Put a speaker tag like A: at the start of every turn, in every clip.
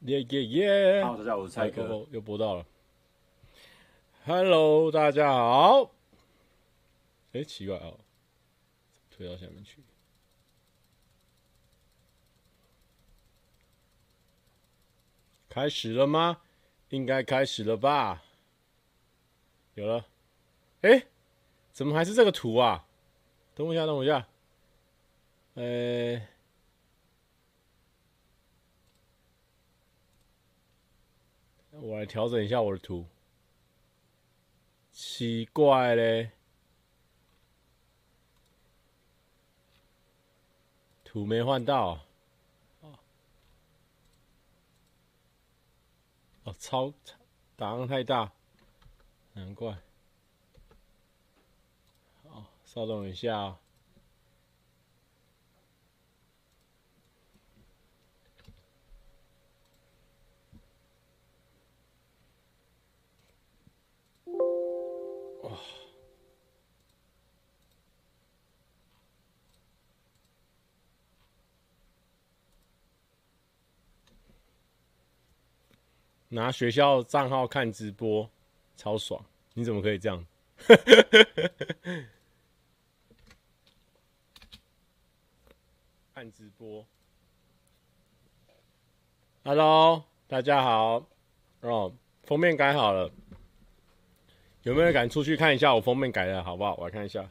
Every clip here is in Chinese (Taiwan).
A: 耶耶耶！大家好，我是蔡哥、hey, oh, oh，又播到了。Hello，大家好。哎、欸，奇怪哦，推到下面去。開始了嗎？應該開始了吧。有了。哎、欸，怎麼還是這個圖啊？等我一下，等我一下。哎、欸。我來調整一下我的圖，奇怪嘞，圖沒換到，哦，超，檔太大，難怪，好，稍等一下、哦。拿學校賬號看直播，超爽！你怎麼可以這樣？ 看直播。Hello，大家好。哦，封面改好了，有沒有人敢出去看一下我封面改的好不好？我來看一下。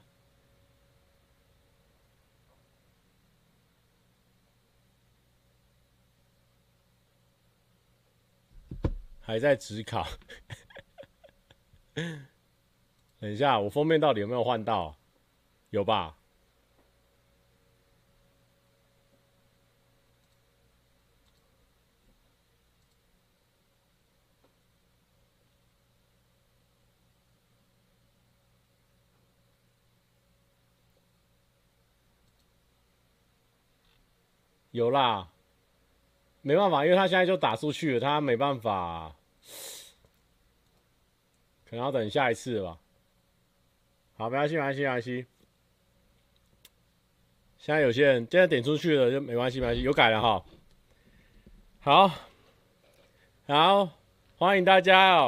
A: 還在指考， 等一下，我封面到底有沒有換到？有吧？有啦，沒辦法，因為他現在就打出去了，他沒辦法。可能要等下一次了吧。好，沒關係，沒關係，沒關係。現在有些人現在點出去了就沒關係，沒關係。有改了哈。好好，歡迎大家哦，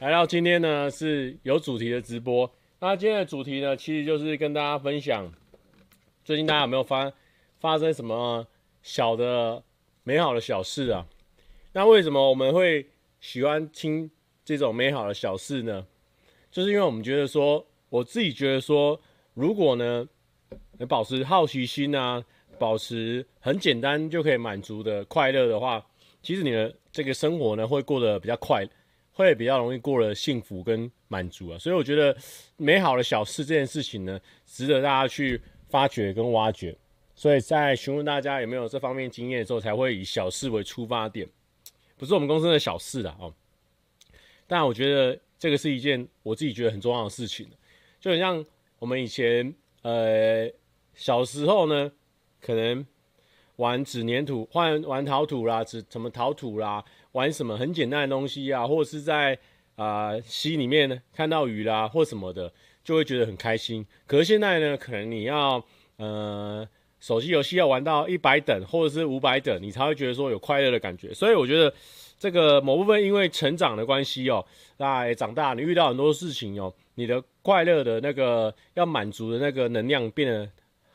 A: 來到今天呢是有主題的直播。那今天的主題呢，其實就是跟大家分享最近大家有沒有發發生什麼小的美好的小事啊？那為什麼我們會？喜歡聽這種美好的小事呢，就是因為我們覺得說，我自己覺得說，如果呢，能保持好奇心啊，保持很簡單就可以滿足的快樂的話，其實你的這個生活呢會過得比較快，會比較容易過得幸福跟滿足啊。所以我覺得美好的小事這件事情呢，值得大家去發掘跟挖掘。所以在詢問大家有沒有這方面經驗的時候，才會以小事為出發點。不是我們公司的小事啦，哦，但我覺得這個是一件我自己覺得很重要的事情，就很像我們以前呃小時候呢，可能玩紙粘土，換玩陶土啦，紙什麼陶土啦，玩什麼很簡單的東西啊，或者是在啊、呃、溪裡面呢看到魚啦或什麼的，就會覺得很開心。可是現在呢，可能你要嗯。呃手機遊戲要玩到一百等，或者是五百等，你才會覺得說有快樂的感覺。所以我覺得，這個某部分因為成長的關係哦，那長大你遇到很多事情哦，你的快樂的那個要滿足的那個能量變得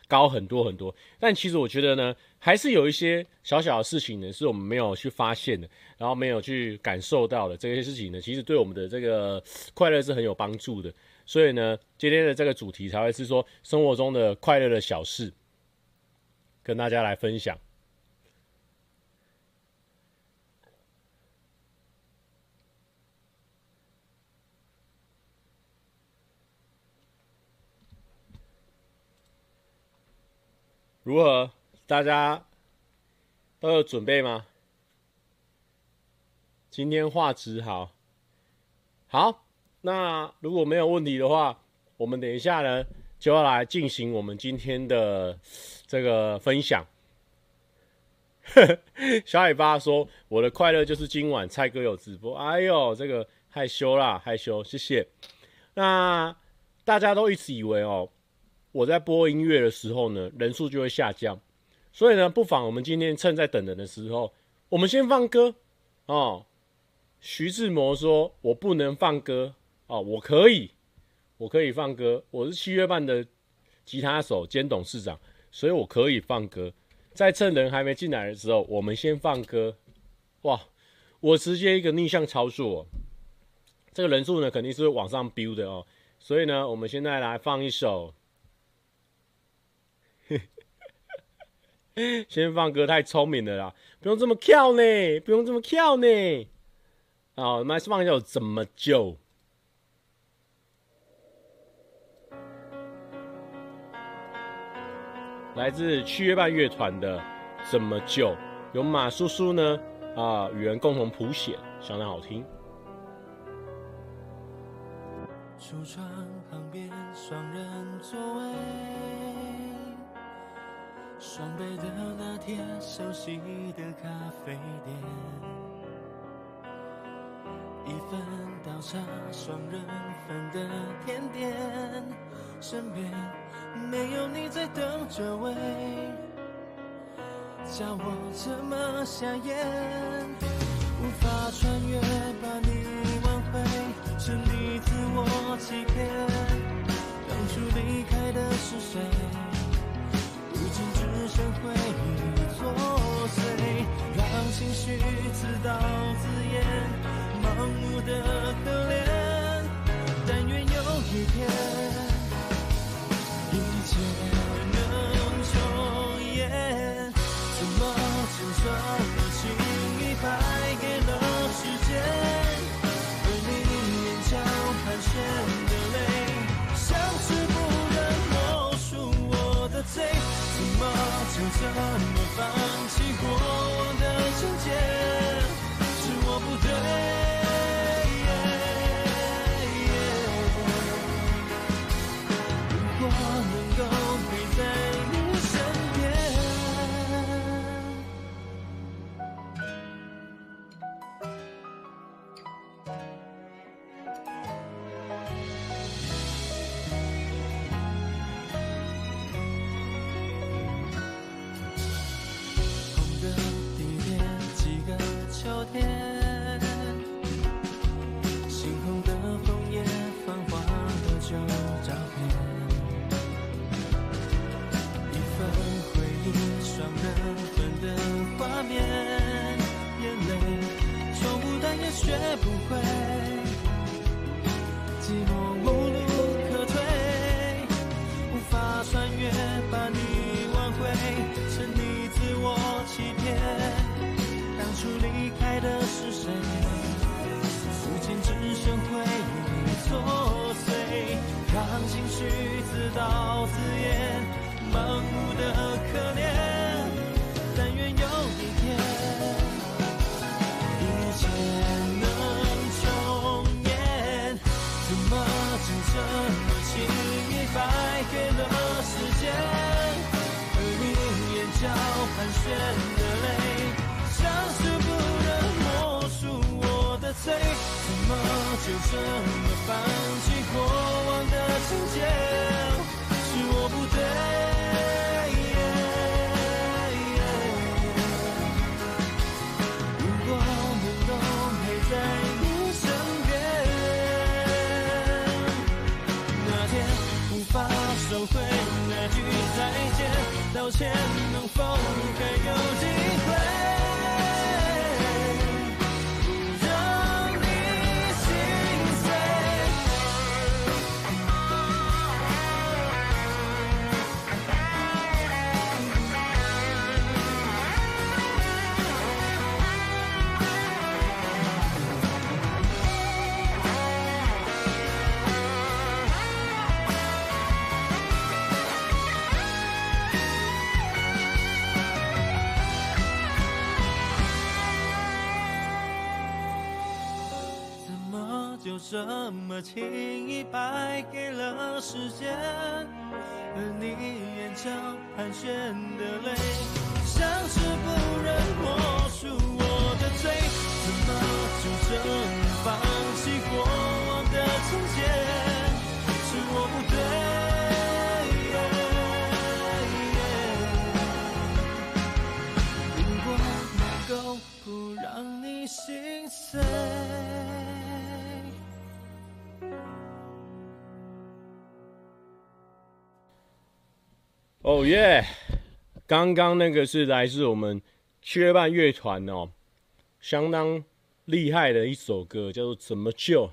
A: 高很多很多。但其實我覺得呢，還是有一些小小的事情呢，是我們沒有去發現的，然後沒有去感受到的。這些事情呢，其實對我們的這個快樂是很有幫助的。所以呢，今天的這個主題才會是說生活中的快樂的小事。跟大家來分享，如何？大家都有準備嗎？今天畫質好，好。那如果沒有問題的話，我們等一下呢。就要來進行我們今天的這個分享。 小尾巴說：“我的快樂就是今晚蔡哥有直播。”哎呦，這個害羞啦，害羞，謝謝。那大家都一直以為哦，我在播音樂的時候呢，人數就會下降，所以呢，不妨我們今天趁在等人的時候，我們先放歌哦。徐志摩說：“我不能放歌哦，我可以。”我可以放歌，我是七月半的吉他手兼董事長，所以我可以放歌。在趁人還沒進來的時候，我們先放歌。哇，我直接一個逆向操作喔，這個人數呢肯定是往上飆的哦喔。所以呢，我們現在來放一首。 先放歌，太聰明了啦，不用這麼跳呢，不用這麼跳呢。好，我們來放一首《怎麼救》。來自七月半樂團的《怎麼就》由馬叔叔呢啊，與、呃、人共同譜寫，相當好聽。
B: 櫥窗旁邊雙人座位，雙倍的那天，熟悉的咖啡店，一份倒茶，雙人份的甜點。身邊沒有你在等着我，叫我怎麼下咽？無法穿越把你挽迴，是你自我欺騙。當初離開的是誰？如今只剩回憶作祟，讓情緒自導自演，盲目的可憐。但願有一天。一切能重演。怎麼就這麼輕易敗給了時間，而你眼角盤旋的淚，像是不忍抹除我的罪，怎麼就這麼放棄過往的情節？收回那句再見，道歉能否還有機會？怎麼輕易敗給了時間？而你眼角盤旋的淚，像是不忍抹除我的罪。怎麼就這樣放棄過往的情節，是我不對。如果能夠不讓你心碎。
A: 哦耶！剛剛那個是來自我們雀斑樂團哦，相當厲害的一首歌，叫做《怎麼就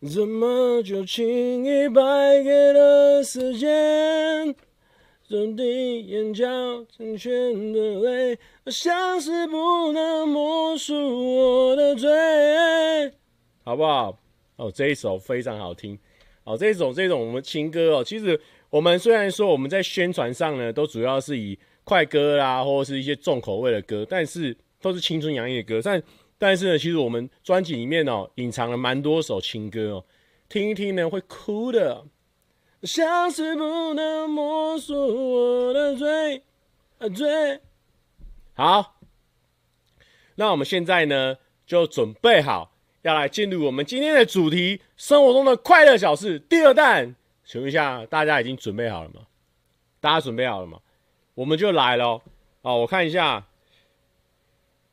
A: 怎
B: 麼就輕易敗給了時間？從你眼角成全的淚，我像是不能抹除我的罪。
A: 好不好？哦、喔，這一首非常好聽。哦、喔，這一種這種我們情歌哦、喔，其實。我們雖然說我們在宣傳上呢，都主要是以快歌啦，或者是一些重口味的歌，但是都是青春洋溢的歌。但但是呢，其實我們專輯裡面哦，隱藏了蠻多首情歌哦，聽一聽呢會哭的。
B: 像是不能摸索我的罪，啊，罪。
A: 好，那我們現在呢就準備好要來進入我們今天的主題：生活中的快樂小事第二彈。請問一下，大家已經準備好了嗎？大家準備好了嗎？我們就來咯，哦。哦，我看一下，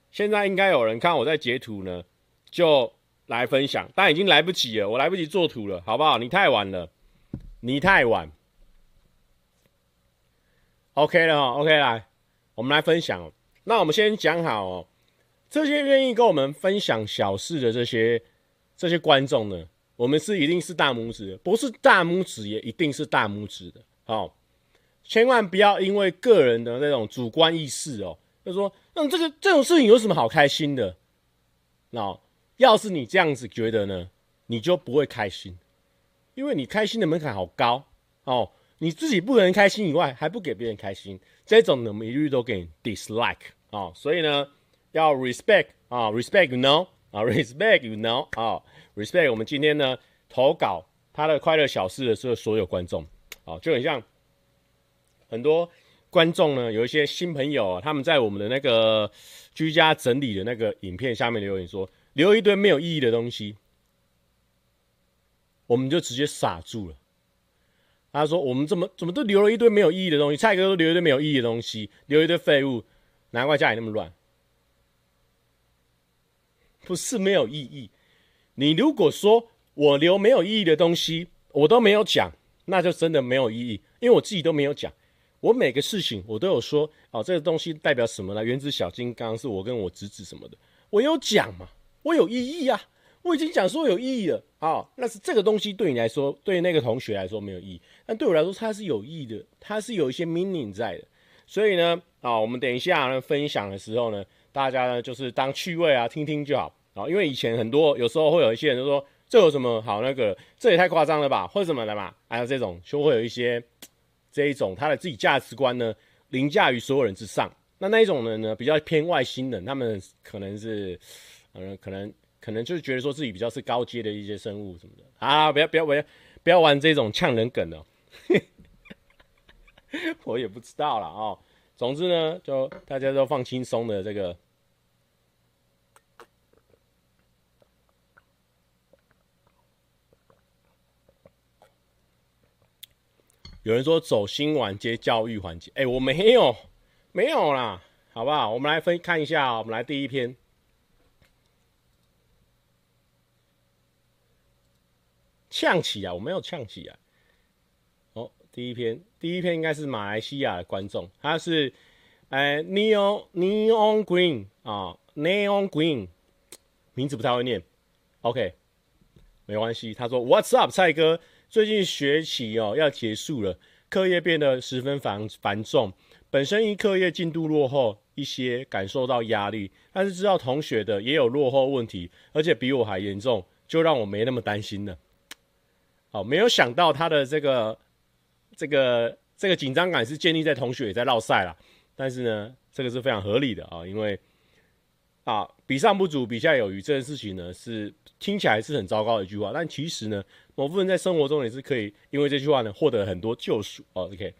A: 現在應該有人看我在截圖呢，就來分享。但已經來不及了，我來不及做圖了，好不好？你太晚了，你太晚。OK 了哦，OK 來，我們來分享。那我們先講好哦，這些願意跟我們分享小事的這些這些觀眾呢？我們是一定是大拇指的，不是大拇指也一定是大拇指的。哦，千萬不要因為個人的那種主觀意識哦，就說那、嗯、這個這種事情有什麼好開心的？那、哦、要是你這樣子覺得呢，你就不會開心，因為你開心的門檻好高哦。你自己不能開心以外，還不給別人開心，這種我們一律都給你 dislike 哦，所以呢，要 respect 啊、哦、respect，no 啊、oh,，respect，you know，啊、oh,，respect，我們今天呢投稿他的快樂小事的時候，所有觀眾，啊、oh,，就很像很多觀眾呢有一些新朋友啊，他們在我們的那個居家整理的那個影片下面留言說，留一堆沒有意義的東西，我們就直接傻住了。他說我們怎麼怎麼都留了一堆沒有意義的東西，蔡哥都留一堆沒有意義的東西，留一堆廢物，難怪家裡那麼亂。不是沒有意義。你如果說我留沒有意義的東西，我都沒有講，那就真的沒有意義。因為我自己都沒有講，我每個事情我都有說，哦，這個東西代表什麼呢？原子小金剛是我跟我侄子什麼的，我有講嘛？我有意義啊？我已經講說有意義了。哦，那是這個東西對你來說，對那個同學來說沒有意義，但對我來說它是有意義的，它是有一些 meaning 在的。所以呢，啊、哦，我們等一下呢，分享的時候呢。大家呢，就是當趣味啊，聽聽就好。啊、哦，因為以前很多有時候會有一些人就說，這有什麼好那個？這也太誇張了吧，或者什麼的嘛？還、啊、有這種就會有一些這一種他的自己價值觀呢，凌駕於所有人之上。那那一種人呢，比較偏外星人，他們可能是，嗯、呃，可能可能就是覺得說自己比較是高階的一些生物什麼的啊，不要不要不要不要，不要玩這種嗆人梗哦。 我也不知道了哦，總之呢，就大家都放輕鬆的這個。有人說走心環節、教育環節，誒、欸，我沒有，沒有啦，好不好？我們來分看一下、喔，我們來第一篇，嗆起啊！我沒有嗆起啊。哦、喔，第一篇，第一篇應該是馬來西亞的觀眾，他是誒 neon neon green 啊，neon green，名字不太會念，OK，沒關係。他說 What's up，蔡哥。最近學期哦要結束了，課業變得十分繁繁重，本身因課業進度落後一些，感受到壓力。但是知道同學的也有落後問題，而且比我還嚴重，就讓我沒那麼擔心了。好、哦，沒有想到他的這個、這個、這個緊張感是建立在同學也在落賽啦。但是呢，這個是非常合理的啊、哦，因為。啊，比上不足，比下有餘，這件事情呢是聽起來是很糟糕的一句話，但其實呢，某部分人在生活中也是可以因為這句話呢獲得很多救贖。OK，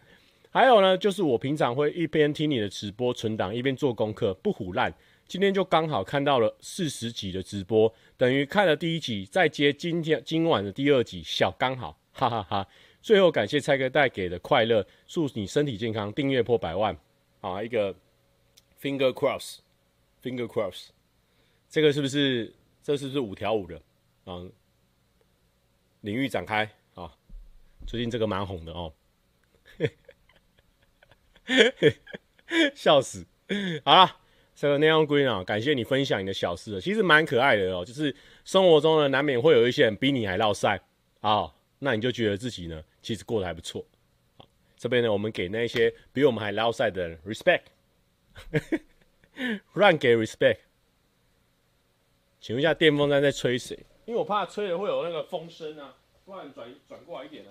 A: 還有呢，就是我平常會一邊聽你的直播存檔，一邊做功課，不唬爛。今天就剛好看到了四十集的直播，等於看了第一集，再接今天今晚的第二集，小剛好，哈哈哈，哈。最後感謝蔡哥帶給的快樂，祝你身體健康，訂閱破百萬啊，一個 finger cross。Finger Cross，這個是不是？這個，是不是五條悟的？嗯，領域展開啊、哦，最近這個蠻紅的哦，笑，笑死！好了，這、so、個 Neon Green 啊，感謝你分享你的小事，其實蠻可愛的哦。就是生活中呢，難免會有一些人比你還烙賽啊、哦，那你就覺得自己呢，其實過得還不錯。好，這邊呢，我們給那些比我們還烙賽的人 respect。亂給 respect，請問一下電風扇在吹誰？因為我怕吹了會有那個風聲啊，不然轉，轉過來一點，啊、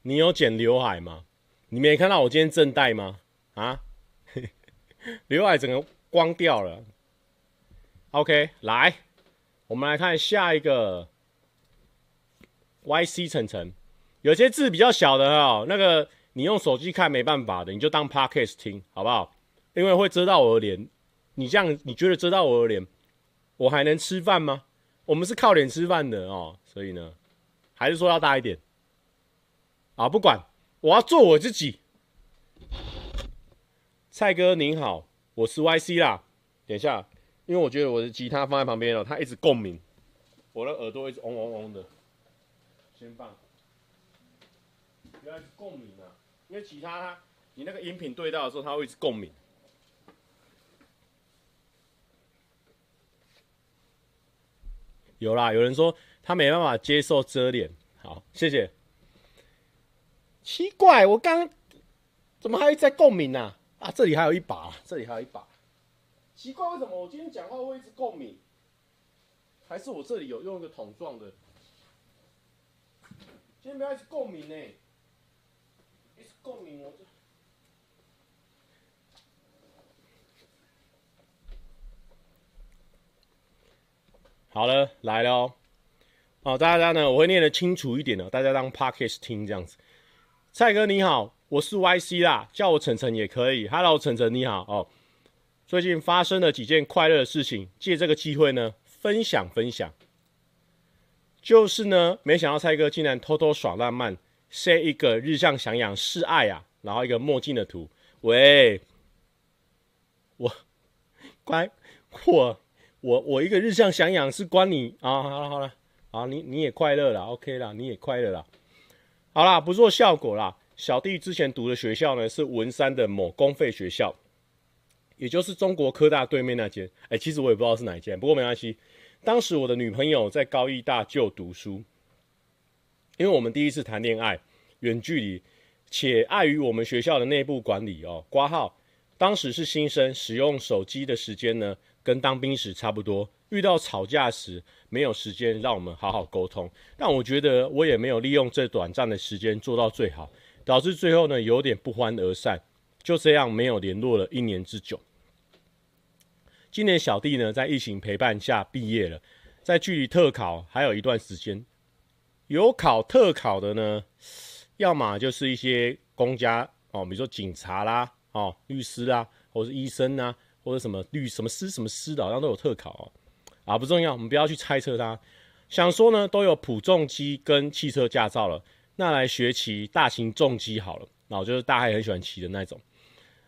A: 你有剪劉海嗎？你沒看到我今天正戴嗎？啊，劉 海整個光掉了。OK，來，我們來看下一個 Y.C. 層層有些字比較小的哦，那個你用手機看沒辦法的，你就當 Podcast 聽好不好？因為會遮到我的臉，你這樣你覺得遮到我的臉，我還能吃飯嗎？我們是靠臉吃飯的哦，所以呢，還是說要大一點啊？好，不管，我要做我自己。蔡哥您好，我是 YC 啦。等一下，因為我覺得我的吉他放在旁邊哦，它一直共鳴，我的耳朵一直嗡嗡嗡嗡的。先放。不要去共鳴啊！因為其他，他，你那個音頻對到的時候，它會一直共鳴。有啦，有人說他沒辦法接受遮臉。好，謝謝。奇怪，我剛怎麼還一直在共鳴呢、啊？啊，這裡還有一把、啊，這裡還有一把。奇怪，為什麼我今天講話會一直共鳴？還是我這裡有用一個桶狀的？今天不要去共鳴呢、欸。欸、共好了，來了哦！大家呢，我會念得清楚一點的、哦，大家當 podcast 聽這樣子。蔡哥你好，我是 YC 啦，叫我晨晨也可以。Hello 晨晨你好哦！最近發生了幾件快樂的事情，借這個機會呢，分享分享。就是呢，沒想到蔡哥竟然偷偷耍浪漫。say 一個日向翔陽示愛啊，然後一個墨鏡的圖。喂，我乖，我我我一個日向翔陽是關你啊？好了好了，啊你你也快樂了，OK 啦，你也快樂啦。好啦，不做效果啦。小弟之前讀的學校呢，是文山的某公費學校，也就是中國科大對面那間。哎、欸，其實我也不知道是哪一間，不過沒關係。當時我的女朋友在高醫大就讀書。因為我們第一次談戀愛，遠距離，且礙於我們學校的內部管理哦，掛號。當時是新生，使用手機的時間呢，跟當兵時差不多。遇到吵架時，沒有時間讓我們好好溝通。但我覺得我也沒有利用這短暫的時間做到最好，導致最後呢有點不歡而散。就這樣沒有聯絡了一年之久。今年小弟呢在疫情陪伴下畢業了，在距離特考還有一段時間。有考特考的呢，要麼就是一些公家哦，比如說警察啦、哦律師啦，或者是醫生吶、啊，或者什麼律什麼師什麼師的，好像都有特考啊、哦。啊，不重要，我們不要去猜測他。想說呢，都有普重機跟汽車駕照了，那來學騎大型重機好了。然後就是大家很喜歡騎的那種。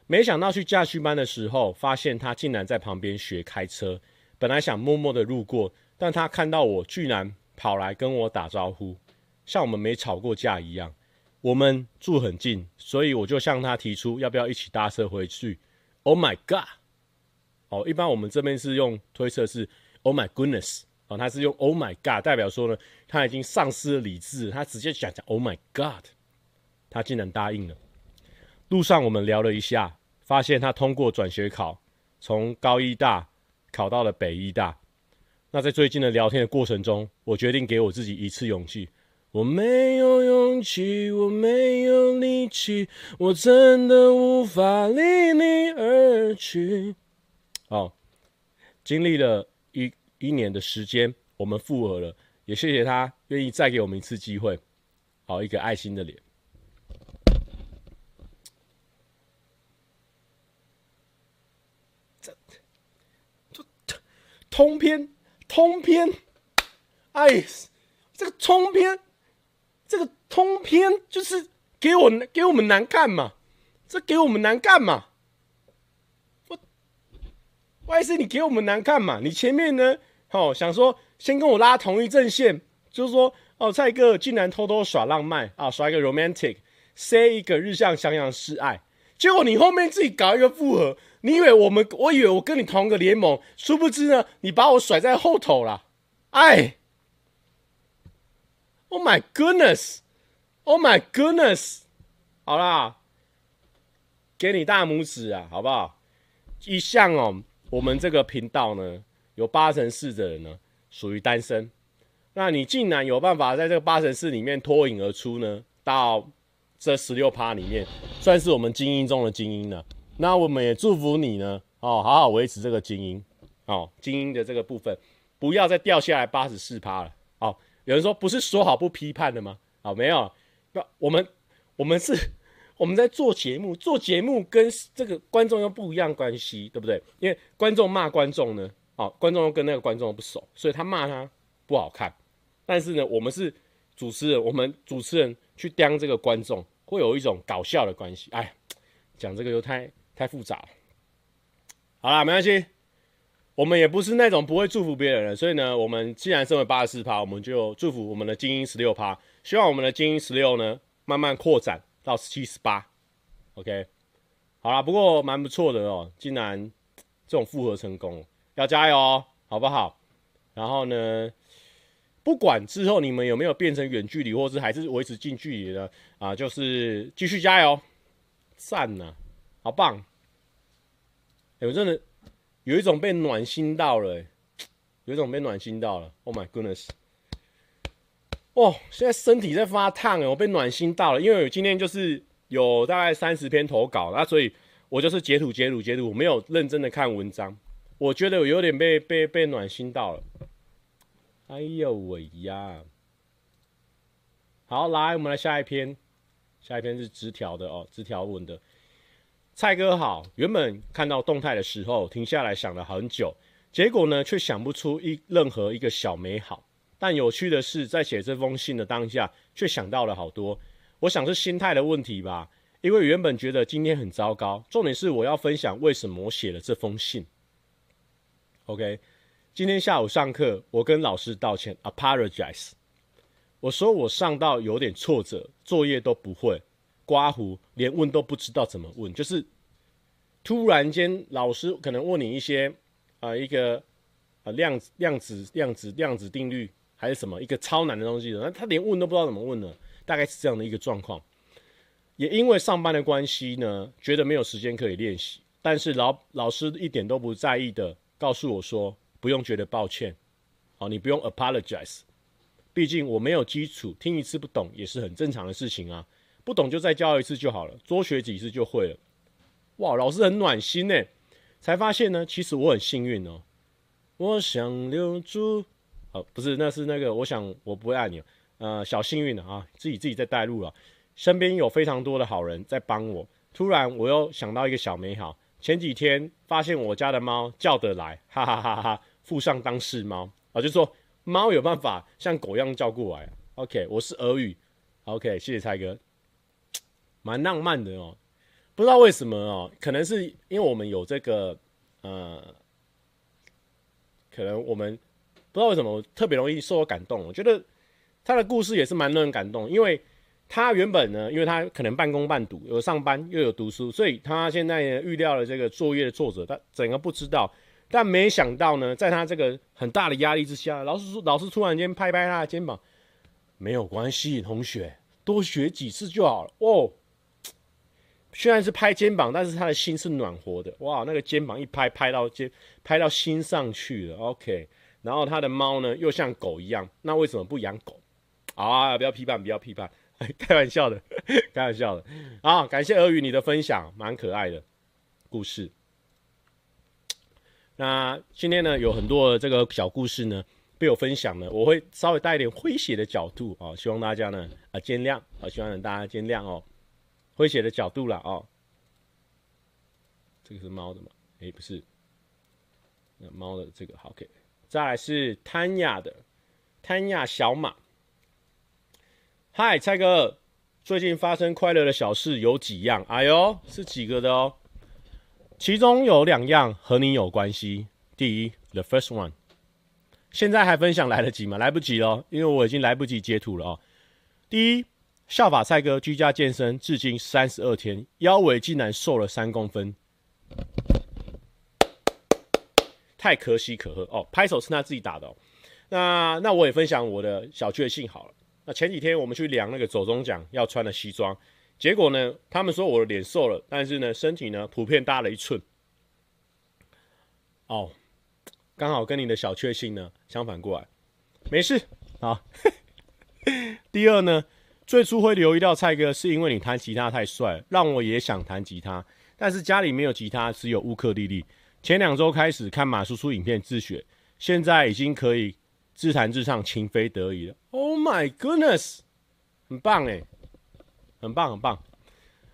A: 沒想到去駕訓班的時候，發現他竟然在旁邊學開車。本來想默默的路過，但他看到我，居然。跑來跟我打招呼，像我們沒吵過架一樣。我們住很近，所以我就向他提出要不要一起搭車回去。Oh my god！哦，一般我們這邊是用推測是 Oh my goodness，哦，他是用 Oh my god 代表說呢，他已經喪失了理智，他直接講講 Oh my god！他竟然答應了。路上我們聊了一下，發現他通過轉學考，從高醫大考到了北醫大。那在最近的聊天的過程中，我決定給我自己一次勇氣。我沒有
B: 勇氣，我沒有力氣，我真的無法離
A: 你而去。好，經歷了一一年的時間，我們復合了，也謝謝他願意再給我們一次機會。好，一個愛心的臉 通篇。通篇，哎，這個通篇，這個通篇就是給我給我們難看嘛？這給我們難看嘛？我，萬一是你給我們難看嘛？你前面呢，哦，想說先跟我拉同一陣線，就是說，哦，蔡哥竟然偷偷耍浪漫啊，耍一個 romantic，塞一個日向翔陽示愛，結果你後面自己搞一個復合。你以為我們？我以為我跟你同個聯盟，殊不知呢，你把我甩在後頭了。哎，Oh my goodness，Oh my goodness，好啦，給你大拇指啊，好不好？一向哦、喔，我們這個頻道呢，有八成四的人呢屬於單身，那你竟然有辦法在這個八成四裡面脫穎而出呢，到這十六趴裡面，算是我們精英中的精英了。那我們也祝福你呢，哦，好好維持這個精英，哦，精英的這個部分，不要再掉下來八十四趴了。哦，有人說不是說好不批判的嗎？好、哦，沒有，那我們我們是我們在做節目，做節目跟這個觀眾又不一樣關係，對不對？因為觀眾罵觀眾呢，哦，觀眾又跟那個觀眾不熟，所以他罵他不好看。但是呢，我們是主持人，我們主持人去當這個觀眾，會有一種搞笑的關係。哎，講這個就太。太複雜了，好啦，沒關係，我們也不是那種不會祝福別人的人，所以呢，我們既然身為八十四趴，我們就祝福我們的精英十六趴，希望我們的精英十六呢，慢慢擴展到十七、十八，OK，好啦，不過蠻不錯的哦、喔，竟然這種復合成功，要加油、喔，哦，好不好？然後呢，不管之後你們有沒有變成遠距離，或是還是維持近距離的，啊，就是繼續加油，讚啦，好棒。哎、欸，我真的有一種被暖心到了、欸，有一種被暖心到了。Oh my goodness！哦，現在身體在發燙哎、欸，我被暖心到了，因為我今天就是有大概三十篇投稿，那所以我就是截圖截圖截圖，我沒有認真的看文章。我覺得我有點被被被暖心到了。哎呦喂呀！好，來，我們來下一篇，下一篇是直條的哦，直條文的。蔡哥好，原本看到動態的時候停下來想了很久，結果呢卻想不出一任何一個小美好。但有趣的是，在寫這封信的當下，卻想到了好多。我想是心態的問題吧，因為原本覺得今天很糟糕。重點是我要分享為什麼我寫了這封信。OK，今天下午上課，我跟老師道歉，I apologize，我說我上到有點挫折，作業都不會。刮胡連問都不知道怎麼問，就是突然間老師可能問你一些啊、呃、一個、呃、量、量子量子量子量子定律還是什麼一個超難的東西的，那他連問都不知道怎麼問呢，大概是這樣的一個狀況。也因為上班的關係呢，覺得沒有時間可以練習，但是老老師一點都不在意的告訴我說，不用覺得抱歉，好、哦、你不用 apologize，畢竟我沒有基礎，聽一次不懂也是很正常的事情啊。不懂就再教一次就好了，多學幾次就會了。哇，老師很暖心哎、欸！才發現呢，其實我很幸運哦、喔。我想留住，哦，不是，那是那個，我想我不會愛你了。呃，小幸運的啊，自己自己在帶路了。身邊有非常多的好人在幫我。突然我又想到一個小美好，前幾天發現我家的貓叫得來，哈哈哈哈！附上當事貓啊，就說貓有辦法像狗一樣叫過來。OK，我是俄語。OK，謝謝蔡哥。蠻浪漫的哦，不知道為什麼哦，可能是因為我們有這個呃，可能我們不知道為什麼我特別容易受到感動。我覺得他的故事也是蠻讓人感動，因為他原本呢，因為他可能半工半讀，有上班又有讀書，所以他現在呢，預料了這個作業的作者，他整個不知道，但沒想到呢，在他這個很大的壓力之下，老師老師突然間拍拍他的肩膀，沒有關係，同學多學幾次就好了哦。雖然是拍肩膀，但是他的心是暖和的。哇，那個肩膀一拍，拍到肩，拍到心上去了。OK，然後他的貓呢，又像狗一樣。那為什麼不養狗？啊，不要批判，不要批判，開玩笑的，開玩笑的。啊，感謝俄語你的分享，蠻可愛的，故事。那今天呢，有很多這個小故事呢，被我分享呢，我會稍微帶一點詼諧的角度啊，哦，希望大家呢啊見諒啊，希望大家見諒哦。會寫的角度了哦，這個是貓的嗎？誒、欸，不是，那貓的這個好 K、OK。再來是貪亞的，貪亞小馬。嗨，蔡哥，最近發生快樂的小事有幾樣？哎呦，是幾個的哦？其中有兩樣和你有關係。第一，the first one，現在還分享來得及嗎？來不及哦，因為我已經來不及截圖了哦。第一。效法蔡哥居家健身至今三十二天，腰圍竟然瘦了三公分，太可喜可賀哦！拍手是他自己打的哦。那那我也分享我的小確幸好了。那前幾天我們去量那個走鐘獎要穿的西裝，結果呢，他們說我的臉瘦了，但是呢，身體呢普遍大了一寸。哦，剛好跟你的小確幸呢相反過來，沒事啊。 第二呢？最初會留意到蔡哥，是因為你彈吉他太帥，讓我也想彈吉他。但是家裡沒有吉他，只有烏克麗麗。前兩周開始看馬叔叔影片自學，現在已經可以自彈自唱，情非得已了。Oh my goodness，很棒哎，欸，很棒很棒。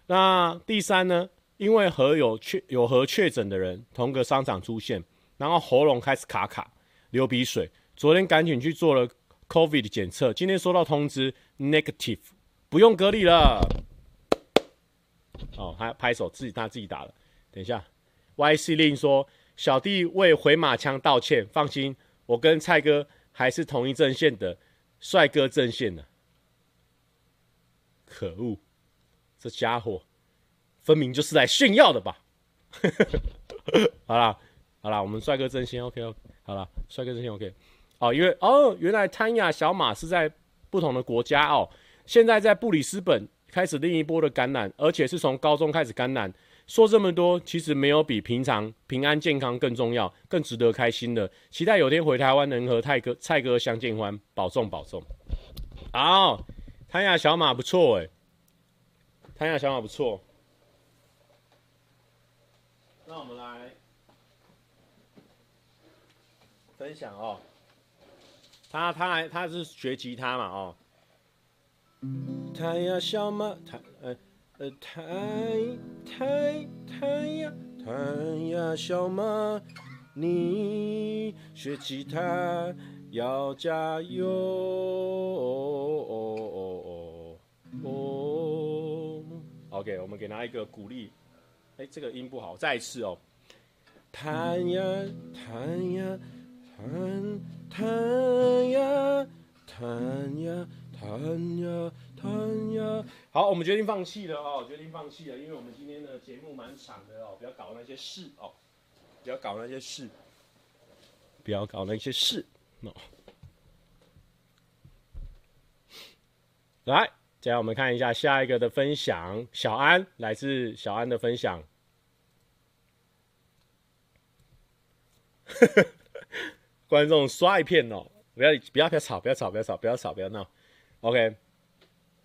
A: 那第三呢？因為和有確有和確診的人同個商場出現，然後喉嚨開始卡卡，流鼻水。昨天趕緊去做了 COVID 檢測，今天收到通知。Negative，不用隔離了。哦，他拍手自己他自己打了。等一下，Y C 令說：“小弟為回馬槍道歉，放心，我跟蔡哥還是同一陣線的，帥哥陣線的。”可惡，這家夥分明就是來炫耀的吧？ 好啦好啦，我們帥哥陣線 OK, OK 好啦，帥哥陣線 OK。哦，因為哦，原來貪亞小馬是在。不同的國家哦，現在在布里斯本開始另一波的感染，而且是從高中開始感染。說這麼多，其實沒有比平常平安健康更重要、更值得開心的。期待有天回台灣能和蔡哥、蔡哥相見歡。保重，保重。好，譚雅小馬不錯哎、欸，譚雅小馬不錯。那我們來分享哦。他他還他是學吉他嘛哦，彈呀小馬彈呃呃彈彈彈呀彈呀小馬，你學吉他要加油哦哦哦哦哦，OK 我們給他一個鼓勵，哎、欸、這個音不好，再一次哦，
B: 彈呀彈呀。彈呀彈呀
A: 彈呀彈呀！好，我們決定放棄了哦！決定放棄了，因為我們今天的節目蠻長的哦，不要搞那些事哦，不要搞那些事，不要搞那些事哦。來，接下來我們看一下下一個的分享，小安來自小安的分享。 觀眾刷一片哦，不要不要不要吵，不要吵，不要吵，不要吵，不要鬧。OK，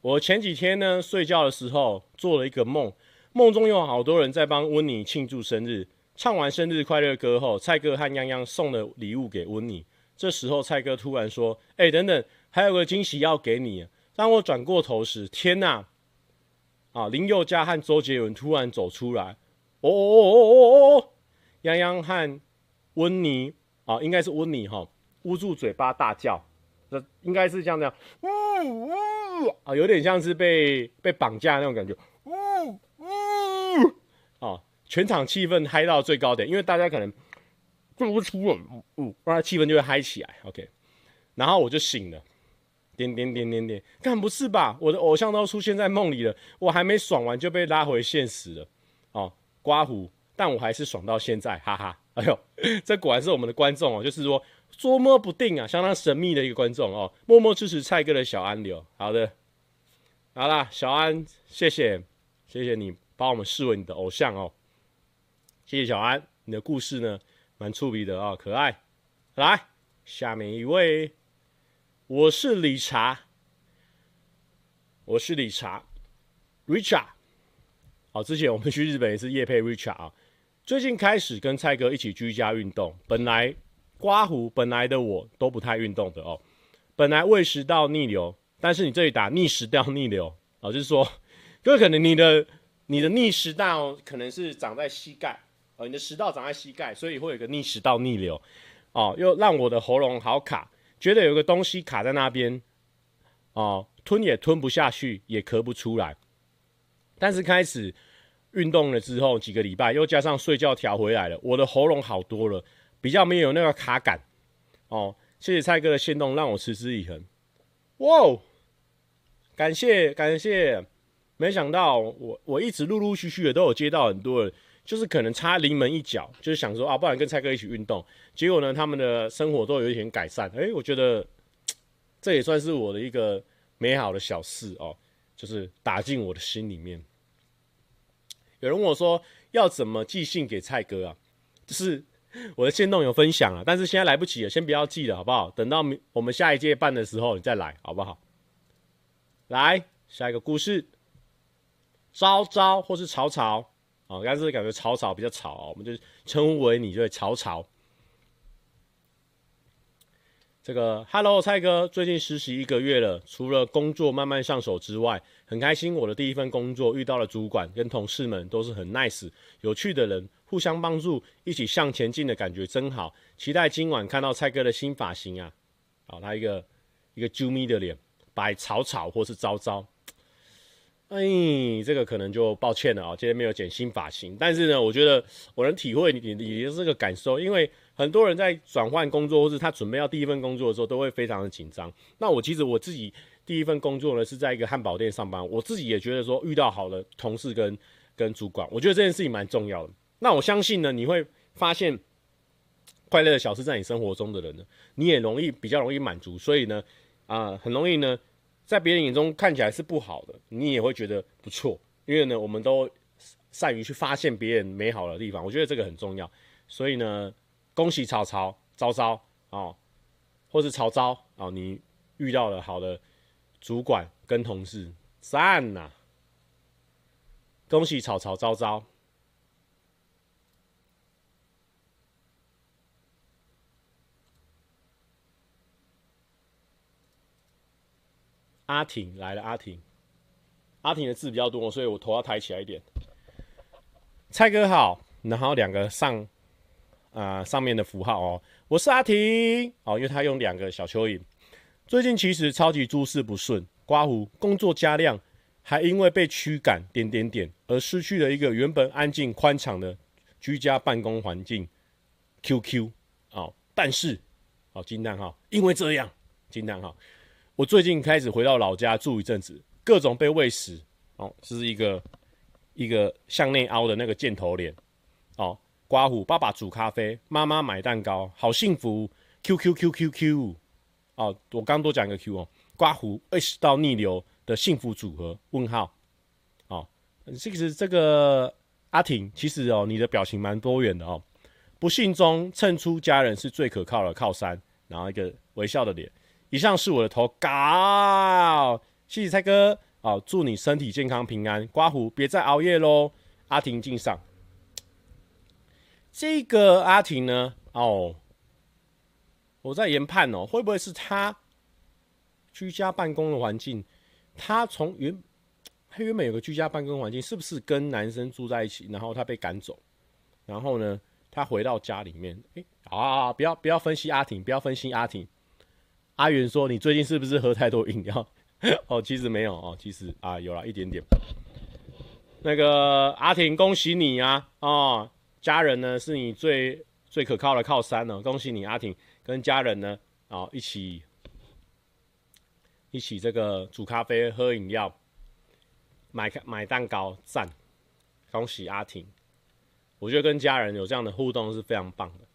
A: 我前幾天呢睡覺的時候做了一個夢，夢中有好多人在幫溫妮慶祝生日。唱完生日快樂歌後，蔡哥和央央送了禮物給溫妮。這時候蔡哥突然說：“哎，等等，還有個驚喜要給你。”當我轉過頭時，天哪！啊，林宥嘉和周杰倫突然走出來。哦哦哦哦哦哦！央央和溫妮。啊，應該是溫你哈，捂住嘴巴大叫，那應該是像這樣嗚嗚啊，有點像是被被綁架那種感覺，嗚嗚哦，全場氣氛嗨到最高點，因為大家可能這麼出了，嗯，不然氣氛就會嗨起來。OK，然後我就醒了，點點點點點，幹不是吧？我的偶像都出現在夢裡了，我還沒爽完就被拉回現實了。哦、呃，刮胡。但我還是爽到現在，哈哈！哎呦，這果然是我們的觀眾哦，就是說捉摸不定啊，相當神秘的一個觀眾哦。默默支持蔡哥的小安流，好的，好啦，小安，謝謝，謝謝你把我們視為你的偶像哦，謝謝小安，你的故事呢蠻觸筆的哦。可愛。來，下面一位，我是理查，我是理查，Richard、哦。好，之前我們去日本也是業配 Richard 啊、哦。最近開始跟蔡哥一起居家運動，本來刮鬍，本來的我都不太運動的哦。本來胃食道逆流，但是你這裡打逆食道逆流，哦，就是說，哥可能你的你的逆食道可能是長在膝蓋，呃、哦，你的食道長在膝蓋，所以會有一個逆食道逆流，哦，又讓我的喉嚨好卡，覺得有個東西卡在那邊，哦，吞也吞不下去，也咳不出來，但是開始。運動了之後幾個禮拜，又加上睡覺調回來了，我的喉嚨好多了，比較沒有那個卡感哦。謝謝蔡哥的行動，讓我持之以恆。哇，感謝感謝，沒想到我我一直陸陸續續的都有接到很多人，就是可能差臨門一腳，就是想說啊，不然跟蔡哥一起運動，結果呢，他們的生活都有一點改善。哎、欸，我覺得這也算是我的一個美好的小事哦，就是打進我的心裡面。有人問我說：“要怎麼寄信給蔡哥啊？”就是我的限動有分享啊。但是現在來不及了，先不要寄了，好不好？等到我們下一屆辦的時候，你再來，好不好？來下一個故事，朝朝或是吵吵，好、啊，但是感覺吵吵比較吵，我們就稱呼為你，就吵吵。潮潮這個 Hello，蔡哥，最近實習一個月了，除了工作慢慢上手之外，很開心。我的第一份工作遇到了主管跟同事們都是很 nice、有趣的人，互相幫助，一起向前進的感覺真好。期待今晚看到蔡哥的新髮型啊！好、哦，他一個一個啾咪的臉，白草草或是糟糟。哎，這個可能就抱歉了啊、哦，今天沒有剪新髮型。但是呢，我覺得我能體會你你的這個感受，因為。很多人在轉換工作，或是他準備要第一份工作的時候，都會非常的緊張。那我其實我自己第一份工作呢，是在一個漢堡店上班。我自己也覺得說，遇到好的同事跟跟主管，我覺得這件事情蠻重要的。那我相信呢，你會發現快樂的小事在你生活中的人呢，你也容易比較容易滿足。所以呢，啊，很容易呢，在別人眼中看起來是不好的，你也會覺得不錯。因為呢，我們都善於去發現別人美好的地方，我覺得這個很重要。所以呢。恭喜曹操招招哦，或是曹操哦，你遇到了好的主管跟同事，讚吶、啊！恭喜曹操招招。阿婷來了，阿婷，阿婷的字比較多，所以我頭要抬起來一點。蔡哥好，然後兩個上。啊、呃，上面的符號哦，我是阿婷哦，因為他用兩個小蚯蚓。最近其實超級諸事不順，刮胡，工作加量，還因為被驅趕點點點而失去了一個原本安靜寬敞的居家辦公環境。QQ 哦，但是好金蛋號，因為這樣金蛋號，我最近開始回到老家住一陣子，各種被餵食哦，這是一個一個向內凹的那個箭頭臉哦。刮胡，爸爸煮咖啡，媽媽買蛋糕，好幸福！Q Q Q Q Q，哦，我剛多講一個 Q 哦。刮胡，意識到逆流的幸福組合？問號，哦，其實這個阿婷，其實哦，你的表情蠻多元的哦。不幸中襯出家人是最可靠的靠山，然後一個微笑的臉。以上是我的投稿，謝謝蔡哥哦，祝你身體健康平安，刮胡別再熬夜嘍，阿婷敬上。這個阿婷呢？哦，我在研判哦，會不會是他居家辦公的環境？他從原他原本有個居家辦公環境，是不是跟男生住在一起？然後他被趕走，然後呢，他回到家裡面？哎啊
B: 好好好好，
A: 不要不要分析阿婷，不要分析阿婷。阿元說：“你最近是不是喝太多飲料？” 哦，其實沒有哦，其實啊，有了一點點。那個阿婷，恭喜你啊！哦。家人呢是你最最可靠的靠山呢、哦。恭喜你阿婷，跟家人呢啊、哦、一起一起這個煮咖啡、喝飲料、買買蛋糕，讚！恭喜阿婷，我覺得跟家人有這樣的互動是非常棒的。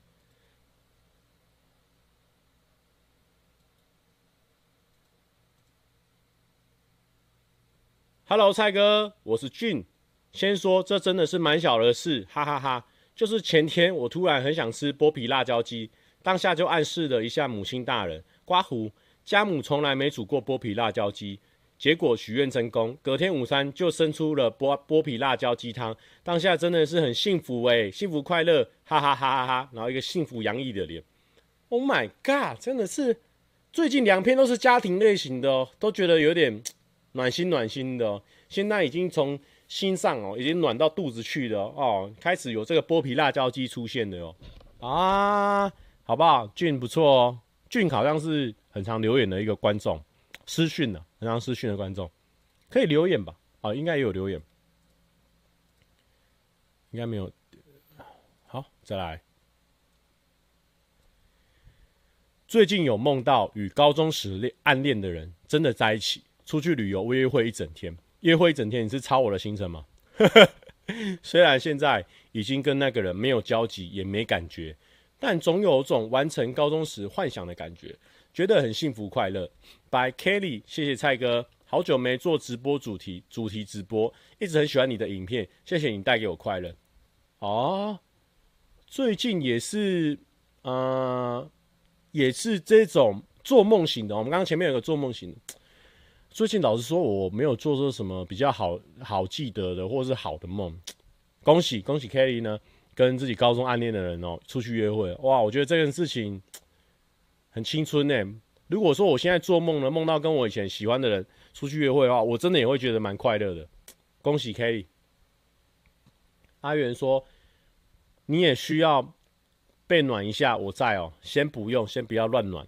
A: Hello，蔡哥，我是俊。先說，這真的是蠻小的事，哈哈哈，哈。就是前天，我突然很想吃剝皮辣椒雞，當下就暗示了一下母親大人刮胡。家母從來沒煮過剝皮辣椒雞，結果許願成功，隔天午餐就生出了剝剝皮辣椒雞湯。當下真的是很幸福哎、欸，幸福快樂，哈哈哈哈哈，然後一個幸福洋溢的臉。Oh my god！真的是，最近兩篇都是家庭類型的哦，都覺得有點暖心暖心的、哦。現在已經從。心上哦，已經暖到肚子去了哦，開始有這個剝皮辣椒雞出現的喲、哦。啊，好不好？俊不錯哦，俊好像是很常留言的一個觀眾，私訊的，很常私訊的觀眾，可以留言吧？啊、哦，應該也有留言，應該沒有。好，再來。最近有夢到與高中時戀暗戀的人真的在一起，出去旅遊約會一整天。約會一整天，你是抄我的行程嗎？ 雖然現在已經跟那個人沒有交集，也沒感覺，但總有一種完成高中時幻想的感覺，覺得很幸福快樂。By Kelly，謝謝蔡哥，好久沒做直播主題，主題直播，一直很喜歡你的影片，謝謝你帶給我快樂。哦，最近也是，嗯、呃，也是這種做夢型的。我們剛剛前面有個做夢型的。最近老實說，我沒有做出什麼比較好好記得的，或是好的夢。恭喜恭喜 Kelly 呢，跟自己高中暗戀的人哦出去約會，哇！我覺得這件事情很青春哎。如果說我現在做夢呢，夢到跟我以前喜歡的人出去約會的話，我真的也會覺得蠻快樂的。恭喜 Kelly。阿元說你也需要被暖一下，我在哦，先不用，先不要亂暖。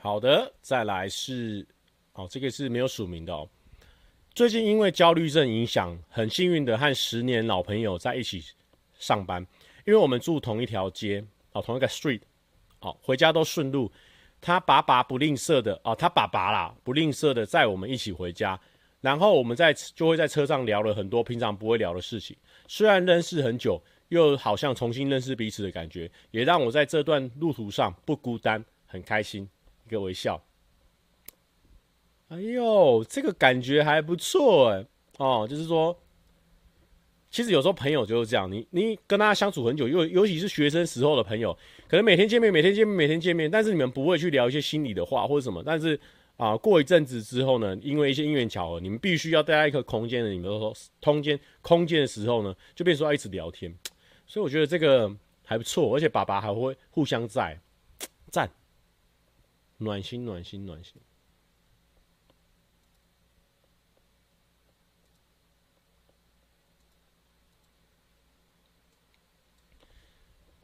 A: 好的，再來是，哦，這個是沒有署名的哦。最近因為焦慮症影響，很幸運的和十年老朋友在一起上班，因為我們住同一條街哦，同一個 street，哦，回家都順路。他爸爸不吝嗇的哦，他爸爸啦不吝嗇的載我們一起回家，然後我們在就會在車上聊了很多平常不會聊的事情。雖然認識很久，又好像重新認識彼此的感覺，也讓我在這段路途上不孤單，很開心。給我一個微笑，哎呦，這個感覺還不錯哎、欸、哦，就是說，其實有時候朋友就是這樣，你你跟大家相處很久，又尤其是學生時候的朋友，可能每天見面，每天見面，每天見面，但是你們不會去聊一些心裡的話或者什麼，但是啊、呃，過一陣子之後呢，因為一些因緣巧合，你們必須要待在一個空間的，你們說空間空間的時候呢，就變成要一直聊天，所以我覺得這個還不錯，而且爸爸還會互相在讚。暖心，暖心，暖心。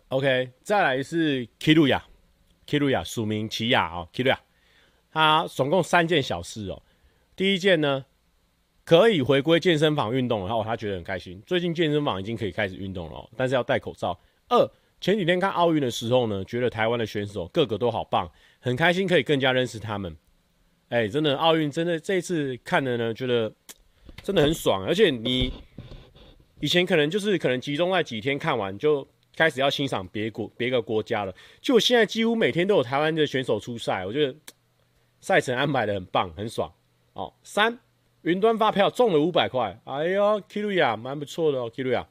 A: OK，再來是 Kiruya，Kiruya，署名奇亞哦，Kiruya，他總共三件小事哦。第一件呢，可以回歸健身房運動哦，他覺得很開心。最近健身房已經可以開始運動了哦，但是要戴口罩。二，前幾天看奧運的時候呢，覺得台灣的選手個個都好棒。很開心可以更加認識他們，哎、欸，真的奧運真的這次看的呢，覺得真的很爽，而且你以前可能就是可能集中在幾天看完，就開始要欣賞別國別個國家了。就我現在幾乎每天都有台灣的選手出賽，我覺得賽程安排得很棒，很爽。哦，三雲端發票中了五百塊，哎呦，Kiriya 蠻不錯的哦，Kiriya。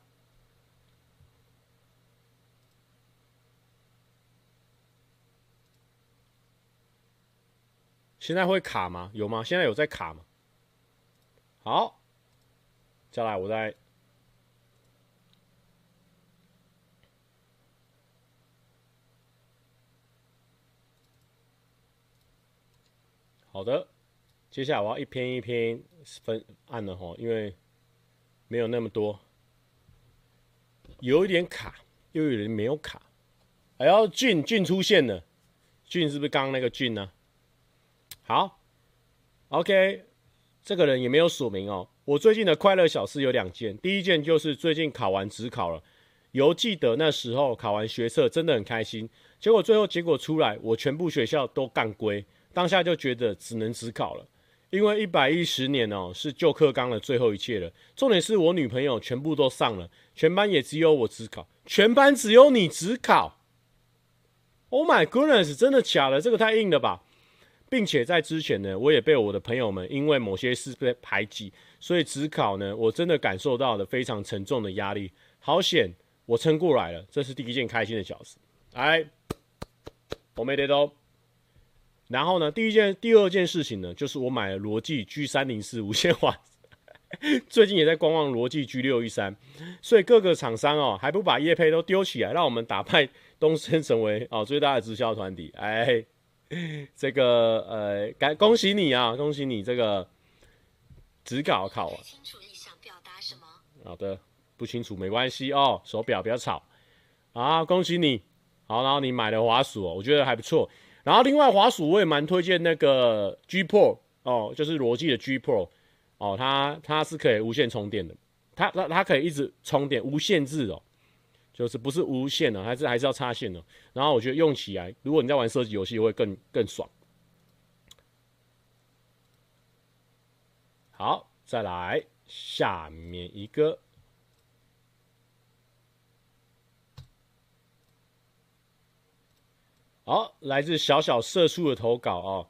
A: 現在會卡嗎？有嗎？現在有在卡嗎？好，再來我再好的，接下來我要一篇一篇分按的吼，因為沒有那麼多，有一點卡，又有人沒有卡，哎呦，俊俊出現了，俊是不是剛剛那個俊呢、啊？好，OK，這個人也沒有署名哦。我最近的快樂小事有兩件，第一件就是最近考完指考了，猶記得那時候考完學測真的很開心，結果最後結果出來，我全部學校都摃龜，當下就覺得只能指考了，因為一百一十年哦是舊課綱的最後一屆了。重點是我女朋友全部都上了，全班也只有我指考，全班只有你指考。Oh my goodness，真的假的？這個太硬了吧？並且在之前呢，我也被我的朋友們因為某些事被排擠，所以只考呢，我真的感受到了非常沉重的壓力。好險，我撐過來了，這是第一件開心的小事。哎，我 made it，然後呢，第一件、第二件事情呢，就是我買了羅技 G 三零四無線滑鼠。 最近也在觀望羅技 G 六一三，所以各個廠商哦還不把業配都丟起來，讓我們打敗東森，成為哦最大的直銷團體。哎。 這個呃，恭喜你啊，恭喜你這個執考考了。好的，不清楚沒關係哦。手錶比較吵啊，恭喜你。好，然後你買了滑鼠哦，我覺得還不錯。然後另外滑鼠我也蠻推薦那個 G Pro 哦，就是羅技的 G Pro 哦，它它是可以無線充電的，它它它可以一直充電，無限制哦。就是不是無線的，還是還是要插線的。然後我覺得用起來，如果你在玩射擊遊戲，會更更爽。好，再來下面一個。好，來自小小射速的投稿哦，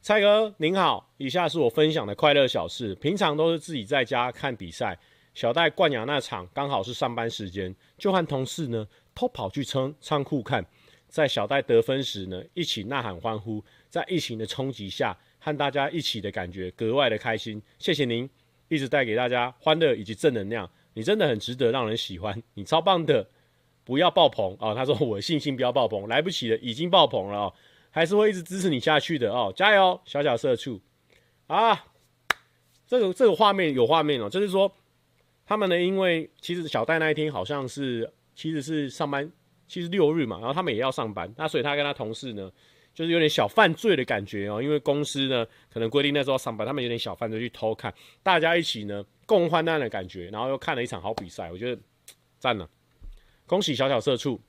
A: 蔡哥您好，以下是我分享的快樂小事。平常都是自己在家看比賽。小戴冠亞那場剛好是上班時間，就和同事呢偷跑去倉倉庫看，在小戴得分時呢，一起吶喊歡呼，在疫情的衝擊下，和大家一起的感覺格外的開心。謝謝您一直帶給大家歡樂以及正能量，你真的很值得讓人喜歡，你超棒的！不要爆棚啊、哦！他說：“我信心不要爆棚，來不及了，已經爆棚了哦！”還是會一直支持你下去的哦，加油，小小社畜啊！這個這個畫面有畫面哦，就是說。”他們呢，因為其實小戴那一天好像是，其實是上班，其實六日嘛，然後他們也要上班，那所以他跟他同事呢，就是有點小犯罪的感覺哦，因為公司呢可能規定那時候上班，他們有點小犯罪去偷看，大家一起呢共患難的感覺，然後又看了一場好比賽，我覺得讚了，恭喜小小社畜。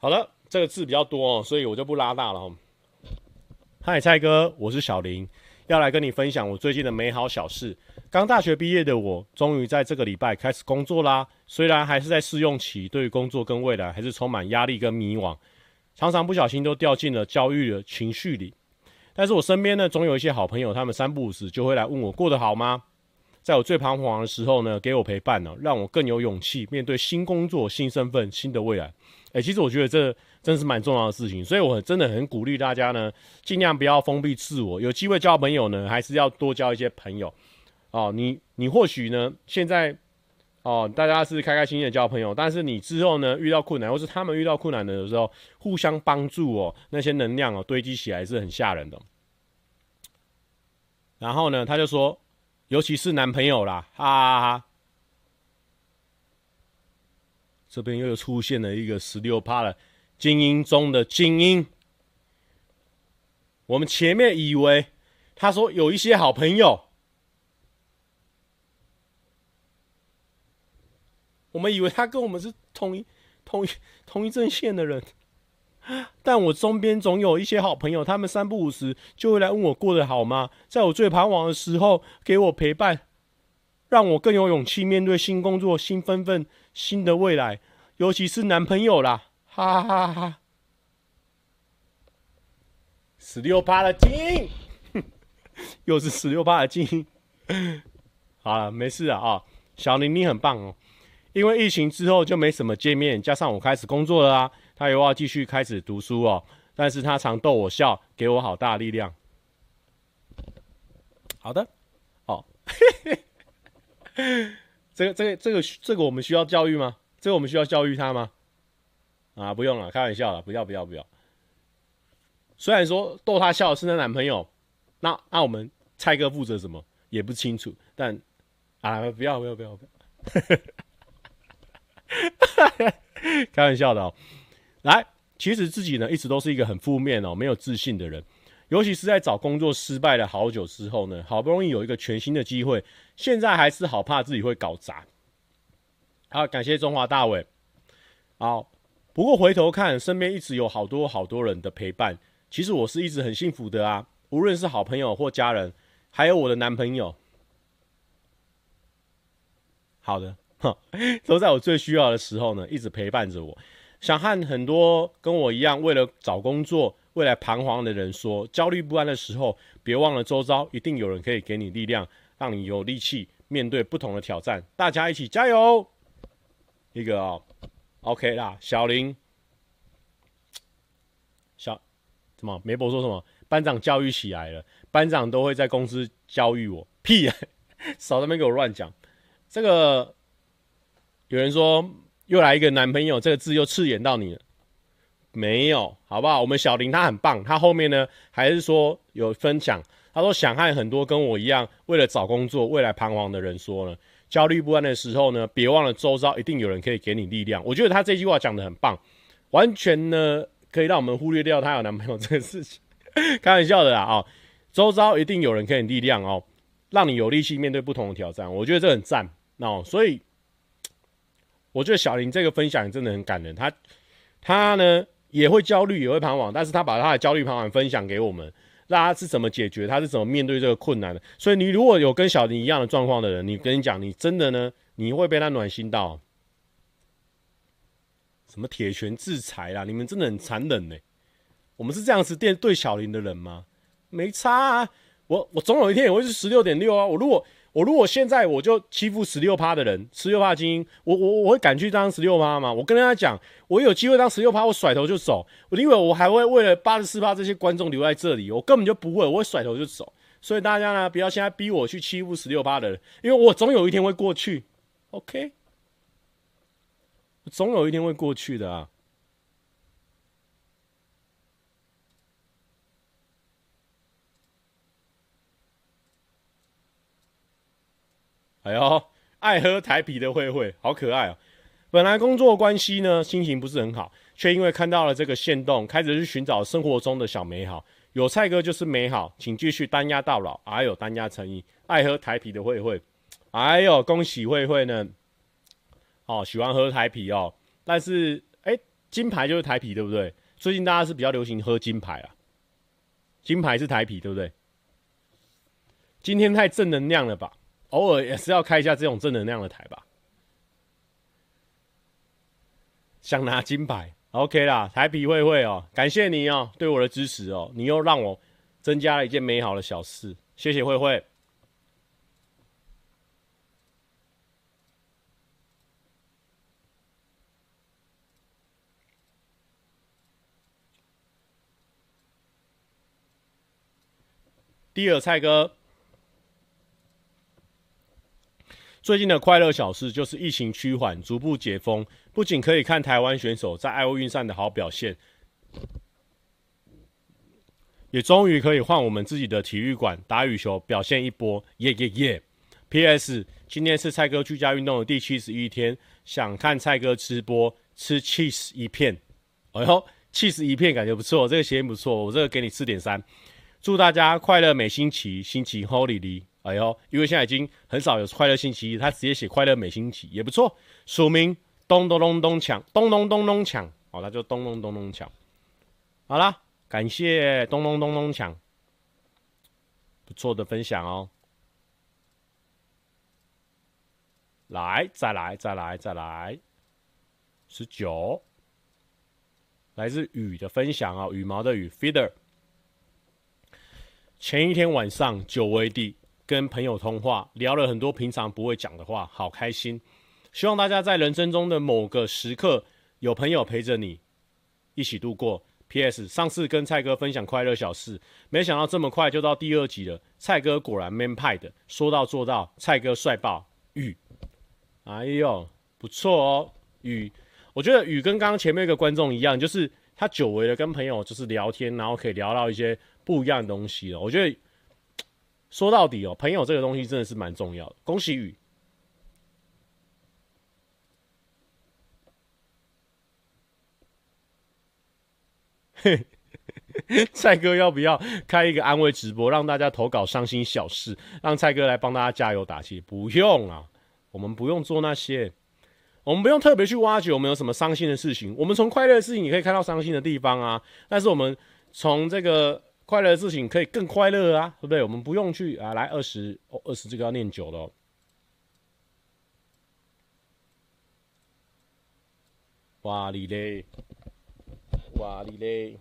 A: 好了，這個字比較多哦，所以我就不拉大了。哈，嗨，蔡哥，我是小林，要來跟你分享我最近的美好小事。剛大學畢業的我，終於在這個禮拜開始工作啦。雖然還是在試用期，對於工作跟未來還是充滿壓力跟迷惘，常常不小心都掉進了焦慮的情緒裡。但是我身邊呢，總有一些好朋友，他們三不五時就會來問我過得好嗎？在我最彷徨的時候呢，給我陪伴呢、哦，讓我更有勇氣面對新工作、新身份、新的未來。哎、欸，其實我覺得這真是蠻重要的事情，所以我真的很鼓勵大家呢，盡量不要封閉自我，有機會交朋友呢，還是要多交一些朋友。哦，你你或許呢，現在哦，大家是開開心心的交朋友，但是你之後呢，遇到困難，或是他們遇到困難的時候，互相幫助哦，那些能量哦，堆積起來是很嚇人的。然後呢，他就說。尤其是男朋友啦，哈哈哈！這邊又出現了一個十六趴的精英中的精英。我們前面以為他說有一些好朋友，我們以為他跟我們是同一同一同一陣線的人。但我身邊總有一些好朋友，他們三不五時，就會來問我過得好嗎？在我最彷徨的時候，給我陪伴，讓我更有勇氣面對新工作、新身份、新的未來。尤其是男朋友啦，
B: 哈哈哈，
A: 哈16！十六趴的
B: 金，
A: 又是十六趴的金， 好了，沒事了啊！小玲玲很棒哦、喔，因為疫情之後就沒什麼見面，加上我開始工作了啊。他又要繼續開始讀書哦，但是他常逗我笑，給我好大的力量。好的，哦， 這個這個這個這個我們需要教育嗎？這個我們需要教育他嗎？啊，不用了，開玩笑了，不要不要不要。雖然說逗他笑的是他男朋友，那那我們蔡哥負責什麼也不清楚，但啊，不要不要不要不要，不要不要 開玩笑的哦。來，其實自己呢一直都是一個很負面哦、沒有自信的人，尤其是在找工作失敗了好久之後呢，好不容易有一個全新的機會，現在還是好怕自己會搞砸。好，感謝中華大偉。好，不過回頭看，身邊一直有好多好多人的陪伴，其實我是一直很幸福的啊。無論是好朋友或家人，還有我的男朋友。好的，哈，都在我最需要的時候呢，一直陪伴着我。想和很多跟我一樣為了找工作、未來彷徨的人說：焦慮不安的時候，別忘了周遭一定有人可以給你力量，讓你有力氣面對不同的挑戰。大家一起加油！一個啊、哦、，OK 啦，小林，小怎麼媒婆說什麼班長教育起來了？班長都會在公司教育我屁、欸，少在那邊給我亂講。這個有人說。又來一個男朋友，這個字又刺眼到你了？沒有，好不好？我們小林他很棒，他後面呢還是說有分享，他說想和很多跟我一樣為了找工作、未來彷徨的人說呢，焦慮不安的時候呢，別忘了周遭一定有人可以給你力量。我覺得他這句話講得很棒，完全呢可以讓我們忽略掉他有男朋友這個事情。 開玩笑的啦哦，周遭一定有人給你力量哦，讓你有力氣面對不同的挑戰。我覺得這很讚哦，所以。我覺得小林這個分享真的很感人，他他呢也會焦慮，也會彷徨，但是他把他的焦慮、彷徨分享給我們，那他是怎麼解決，他是怎麼面對這個困難的。所以你如果有跟小林一樣的狀況的人，你跟你講，你真的呢，你會被他暖心到。什麼鐵拳制裁啦，你們真的很殘忍呢、欸。我們是這樣子電對小林的人嗎？沒差啊，我我總有一天也會是十六點六啊，我如果。我如果現在我就欺負十六趴的人，十六趴精英，我我我會敢去當十六趴嗎？我跟大家講，我有機會當十六趴，我甩頭就走。另外，我還會為了八十四趴這些觀眾留在這裡，我根本就不會，我會甩頭就走。所以大家呢，不要現在逼我去欺負十六趴的人，因為我總有一天會過去。OK？我總有一天會過去的啊。哎呦，愛喝台啤的慧慧，好可愛哦、喔！本來工作關係呢，心情不是很好，卻因為看到了這個限動，開始去尋找生活中的小美好。有蔡哥就是美好，請繼續單押到老。還、哎、有單押成意。愛喝台啤的慧慧。哎呦，恭喜慧慧呢！哦，喜歡喝台啤哦、喔，但是哎、欸，金牌就是台啤對不對？最近大家是比較流行喝金牌啊，金牌是台啤對不對？今天太正能量了吧！偶爾也是要開一下這種正能量的台吧。想拿金牌，OK 啦，台筆慧慧哦，感謝你哦、喔，對我的支持哦、喔，你又讓我增加了一件美好的小事，謝謝慧慧。第二，蔡哥。最近的快樂小事就是疫情趨緩，逐步解封，不僅可以看台灣選手在奧運上的好表現，也終於可以換我們自己的體育館打羽球，表現一波！耶耶耶！P.S. 今天是蔡哥居家運動的第七十一天，想看蔡哥吃播，吃 cheese 一片。哎呦，cheese 一片感覺不錯，這個諧音不錯，我這個給你四點三。祝大家快樂每星期，星期 holiday。哎呦，因為現在已經很少有快樂星期一，他直接寫快樂每星期也不錯。署名咚咚咚咚鏘、咚咚咚咚鏘，好，那就咚咚咚咚鏘。好啦，感謝咚咚咚咚鏘，不錯的分享哦、喔。來，再來，再來，再來。十九，來自羽的分享啊、喔，羽毛的羽 feeder。前一天晚上久違地。跟朋友通話，聊了很多平常不會講的話，好開心。希望大家在人生中的某個時刻，有朋友陪着你一起度過。P.S. 上次跟蔡哥分享快樂小事，沒想到這麼快就到第二集了。蔡哥果然 man 派的，說到做到，蔡哥帥爆！雨，哎呦，不錯哦，雨。我覺得雨跟剛剛前面一個觀眾一樣，就是他久違的跟朋友就是聊天，然後可以聊到一些不一樣的東西了。我覺得。說到底哦、喔，朋友這個東西真的是蠻重要的。恭喜宇，嘿， 蔡哥要不要開一個安慰直播，讓大家投稿傷心小事，讓蔡哥來幫大家加油打氣？不用啊，我們不用做那些，我們不用特別去挖掘我們有什麼傷心的事情。我們從快樂的事情，你可以看到傷心的地方啊。但是我們從這個。快樂的事情可以更快樂啊，對不對？我們不用去啊，來二十哦，二十這個要念久了。哇哩咧，哇哩咧！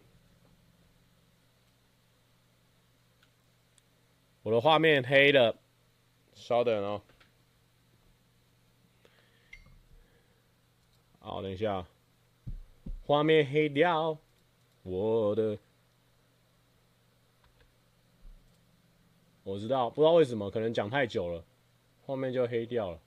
A: 我的畫面黑了，稍等哦。好，等一下，畫面黑掉，我的。我知道，不知道為什麼，可能講太久了，後面就黑掉了。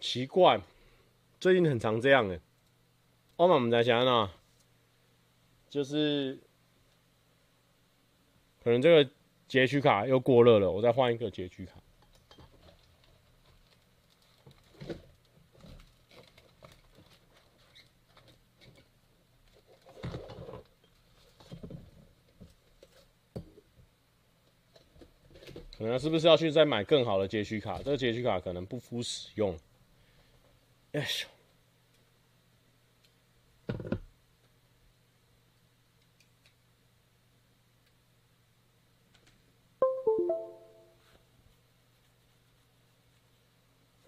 A: 奇怪，最近很常這樣的欸。我們再想想啊，就是可能這個擷取卡又過熱了，我再換一個擷取卡。
B: 可
A: 能是不是要去再買更好的擷取卡？這個擷取卡可能不敷使用。哎呦！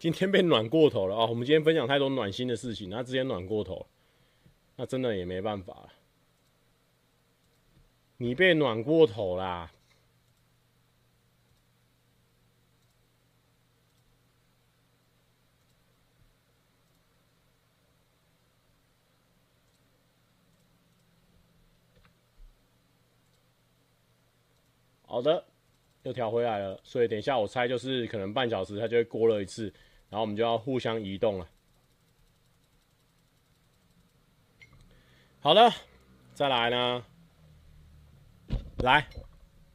A: 今天被暖過頭了啊、哦！我們今天分享太多暖心的事情，那直接暖過頭，那真的也沒辦法了。你被暖過頭啦！好的，又調回來了，所以等一下我猜就是可能半小時它就會過熱一次。然後我們就要互相移動了。好的，再來呢？來，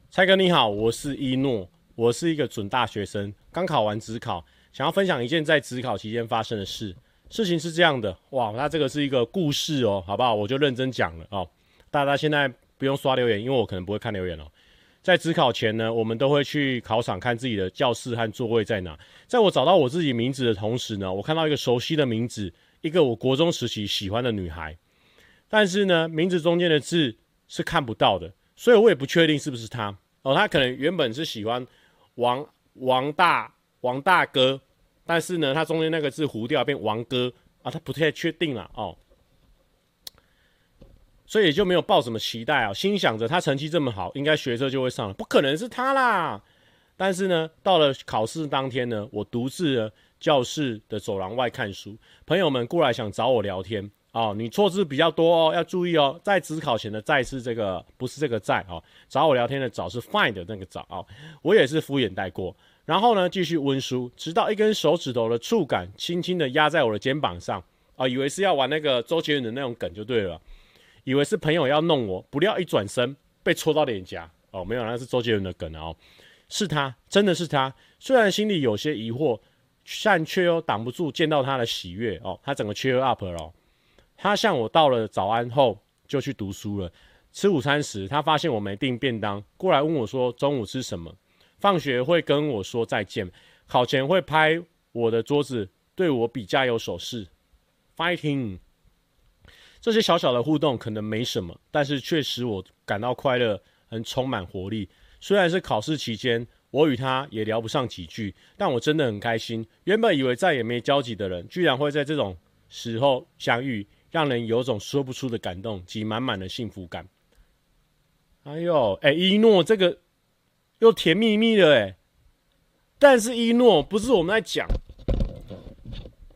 A: 蔡哥你好，我是一諾，我是一個準大學生，剛考完指考，想要分享一件在指考期間發生的事。事情是這樣的，哇，那這個是一個故事哦，好不好？我就認真講了哦，大家現在不用刷留言，因為我可能不會看留言哦。在指考前呢，我們都會去考場看自己的教室和座位在哪。在我找到我自己名字的同時呢，我看到一個熟悉的名字，一個我國中時期喜歡的女孩。但是呢，名字中間的字是看不到的，所以我也不確定是不是她哦。她可能原本是喜歡王王大王大哥，但是呢，她中間那個字糊掉變王哥啊，她不太確定了哦。所以也就沒有抱什麼期待啊，心想着他成績這麼好，應該學測就會上了，不可能是他啦。但是呢，到了考試當天呢，我獨自教室的走廊外看書，朋友們過來想找我聊天啊、哦，你錯字比較多哦，要注意哦。在指考前的在是這個，不是這個再啊、哦。找我聊天的找是 find 那個找啊、哦，我也是敷衍帶過，然後呢繼續溫書，直到一根手指頭的觸感輕輕的壓在我的肩膀上啊、哦，以為是要玩那個周杰倫的那種梗就對了。以為是朋友要弄我，不料一轉身被戳到臉頰。哦，沒有，那是周杰倫的梗哦。是他，真的是他。雖然心裡有些疑惑，但卻又擋不住見到他的喜悅。哦，他整個 cheer up 了哦。他向我道了早安後，就去讀書了。吃午餐時，他發現我沒訂便當，過來問我說中午吃什麼。放學會跟我說再見，考前會拍我的桌子，對我比加油手勢，fighting。這些小小的互動可能沒什麼，但是卻使我感到快樂，很充滿活力。雖然是考試期間，我與他也聊不上幾句，但我真的很開心。原本以為再也沒交集的人，居然會在這種時候相遇，讓人有種說不出的感動及滿滿的幸福感。哎呦，哎、欸，一諾這個又甜蜜蜜的哎、欸，但是一諾不是我們在講，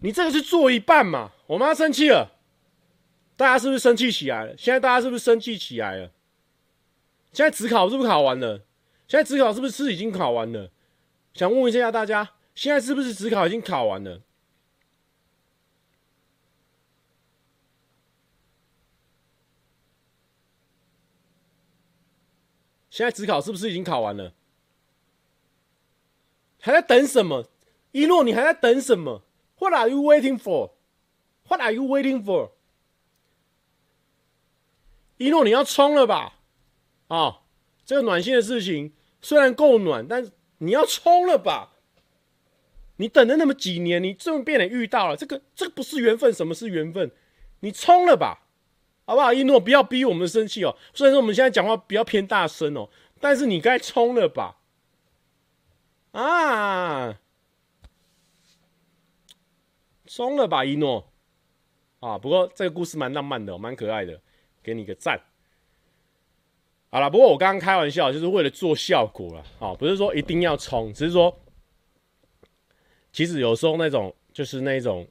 A: 你這個是做一半嘛？我媽生氣了。大家是不是生氣起來了？現在大家是不是生氣起來了？現在指考是不是考完了？現在指考是不是已經考完了？想問一下大家，現在是不是指考已經考完了？現在指考是不是已經考完了？還在等什麼？一諾，你還在等什麼？What are you waiting for? What are you waiting for? 一諾，你要衝了吧？啊、哦，這個暖心的事情雖然夠暖，但是你要衝了吧？你等了那麼幾年，你終於變得遇到了這個，這個不是緣分，什麼是緣分？你衝了吧，好不好？一諾，不要逼我們生氣哦。雖然說我們現在講話比較偏大聲哦，但是你該衝了吧？啊，衝了吧，一諾。啊，不過這個故事蠻浪漫的，哦，蠻可愛的。給你個讚，好了。不過我剛剛開玩笑，就是為了做效果了，哦，不是說一定要衝，只是說，其實有時候那種就是那種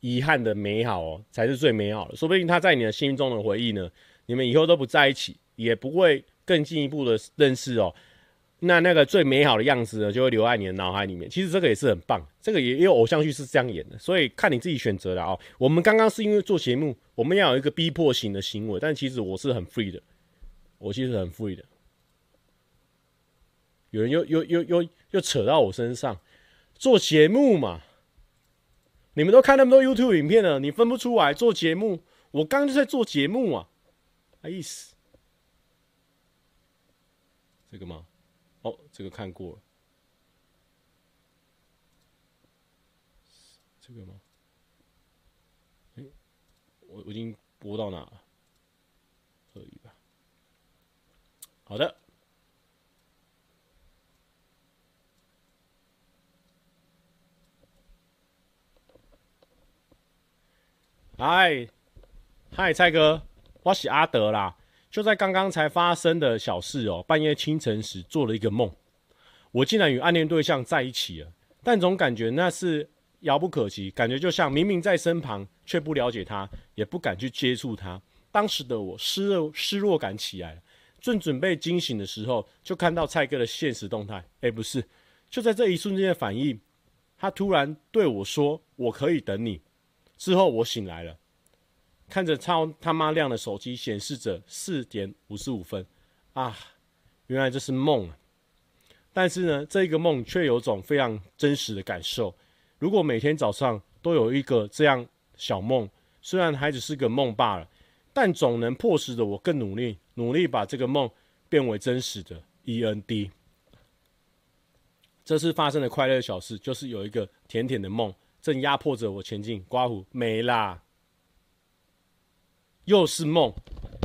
A: 遺憾的美好哦，才是最美好的。說不定他在你的心中的回憶呢，你們以後都不在一起，也不會更進一步的認識哦。那那個最美好的樣子呢，就會留在你的腦海裡面。其實這個也是很棒，這個也也有偶像劇是這樣演的，所以看你自己選擇的哦、喔。我們剛剛是因為做節目，我們要有一個逼迫型的行為，但其實我是很 free 的，我其實很 free 的。有人又又又又又又扯到我身上，做節目嘛？你們都看那麼多 YouTube 影片了，你分不出來做節目？我剛剛就在做節目啊，啊意思？這個嗎？這個看過了，這個嗎？
B: 我，欸，
A: 我已經播到哪了？可以吧？好的。嗨嗨，蔡哥，我是阿德啦。就在剛剛才發生的小事哦，喔，半夜清晨時做了一個夢。我竟然與暗戀對象在一起了，但總感覺那是遙不可及，感覺就像明明在身旁，卻不了解他，也不敢去接觸他。當時的我失落、失落感起來了，正準,準備驚醒的時候，就看到蔡哥的限時動態。哎、欸，不是，就在這一瞬間的反應，他突然對我說：“我可以等你。”之後我醒來了，看着超他媽亮的手機，顯示着四點五十五分，啊，原來這是夢、啊。但是呢，這個夢卻有種非常真實的感受。如果每天早上都有一個這樣小夢，雖然還只是個夢罷了，但總能迫使着我更努力，努力把這個夢變為真實的。E N D。這次發生的快樂小事，就是有一個甜甜的夢正壓迫着我前進。刮鬍沒啦，又是夢。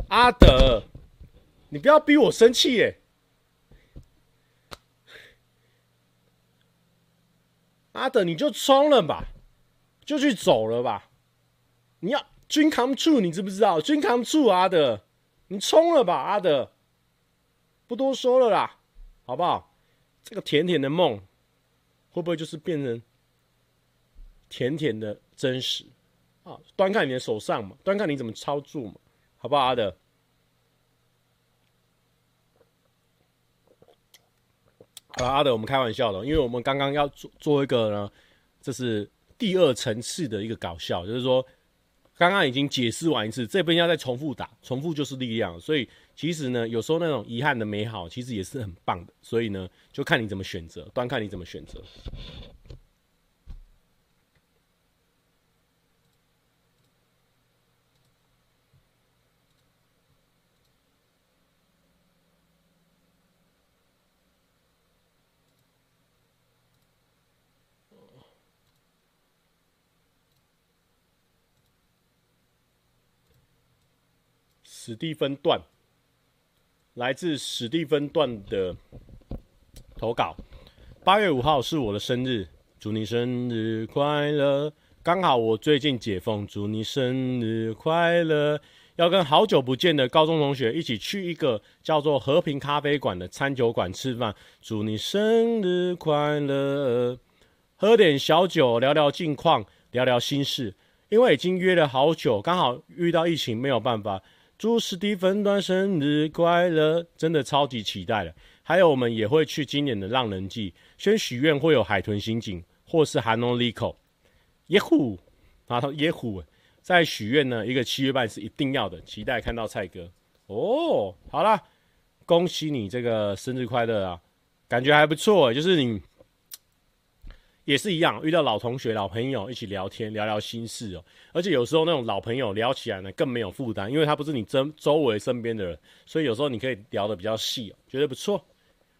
A: 阿德，你不要逼我生氣耶、欸。阿德，你就衝了吧，就去走了吧。你要 dream come true 你知不知道 dream come true？阿德，你衝了吧，阿德。不多說了啦，好不好？這個甜甜的夢，會不會就是變成甜甜的真實？啊，端看你的手上嘛，端看你怎麼操作嘛，好不好？阿德。好阿德，我們開玩笑了，因為我們剛剛要做做一個呢，這是第二層次的一個搞笑，就是說剛剛已經解釋完一次，這邊要再重複打，重複就是力量，所以其實呢，有時候那種遺憾的美好，其實也是很棒的，所以呢，就看你怎麼選擇，端看你怎麼選擇。史蒂芬段，來自史蒂芬段的投稿。八月五號是我的生日，祝你生日快樂！剛好我最近解封，祝你生日快樂！要跟好久不見的高中同學一起去一個叫做和平咖啡館的餐酒館吃飯，祝你生日快樂！喝點小酒，聊聊近況，聊聊心事。因為已經約了好久，剛好遇到疫情，沒有辦法。祝史蒂芬端生日快樂！真的超級期待了。還有，我們也會去今年的浪人祭，先許願會有海豚刑警或是哈龍利口。耶虎，啊，耶虎，在許願呢，一個七月半是一定要的，期待看到蔡哥哦。好啦，恭喜你這個生日快樂啊，感覺還不錯、欸，就是你。也是一樣，遇到老同學、老朋友一起聊天，聊聊心事哦、喔。而且有時候那種老朋友聊起來呢，更沒有負擔，因為他不是你真周圍身邊的人，所以有時候你可以聊得比較細、喔，覺得不錯。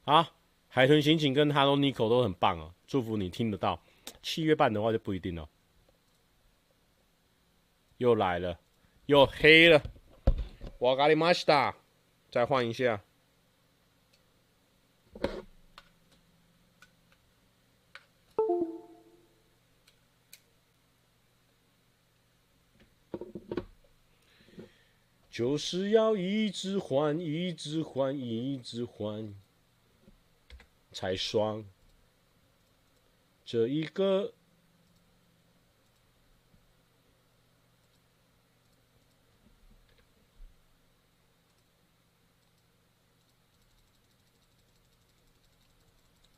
A: 啊。海豚刑警跟哈嘍尼克 n i o 都很棒哦、喔，祝福你聽得到。七月半的話就不一定了、喔。又來了，又黑了。哇咖喱瑪西達，再換一下。就是要一直換，一直換，一直換才爽。這一個，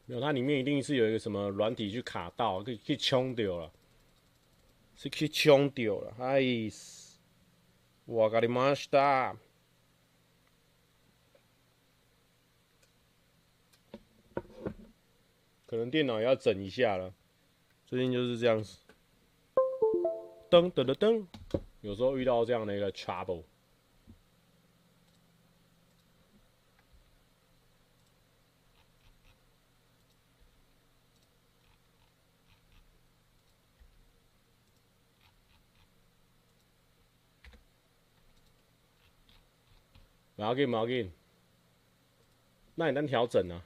A: 沒有它裡面一定是有一個什麼軟體去卡到，可以可以沖掉了，是可以沖掉了，哎。分かりました。可能電腦要整一下了，最近就是這樣子，噔噔噔噔，有時候遇到這樣的一個 trouble。冇要緊，冇要緊。那你能調整啊，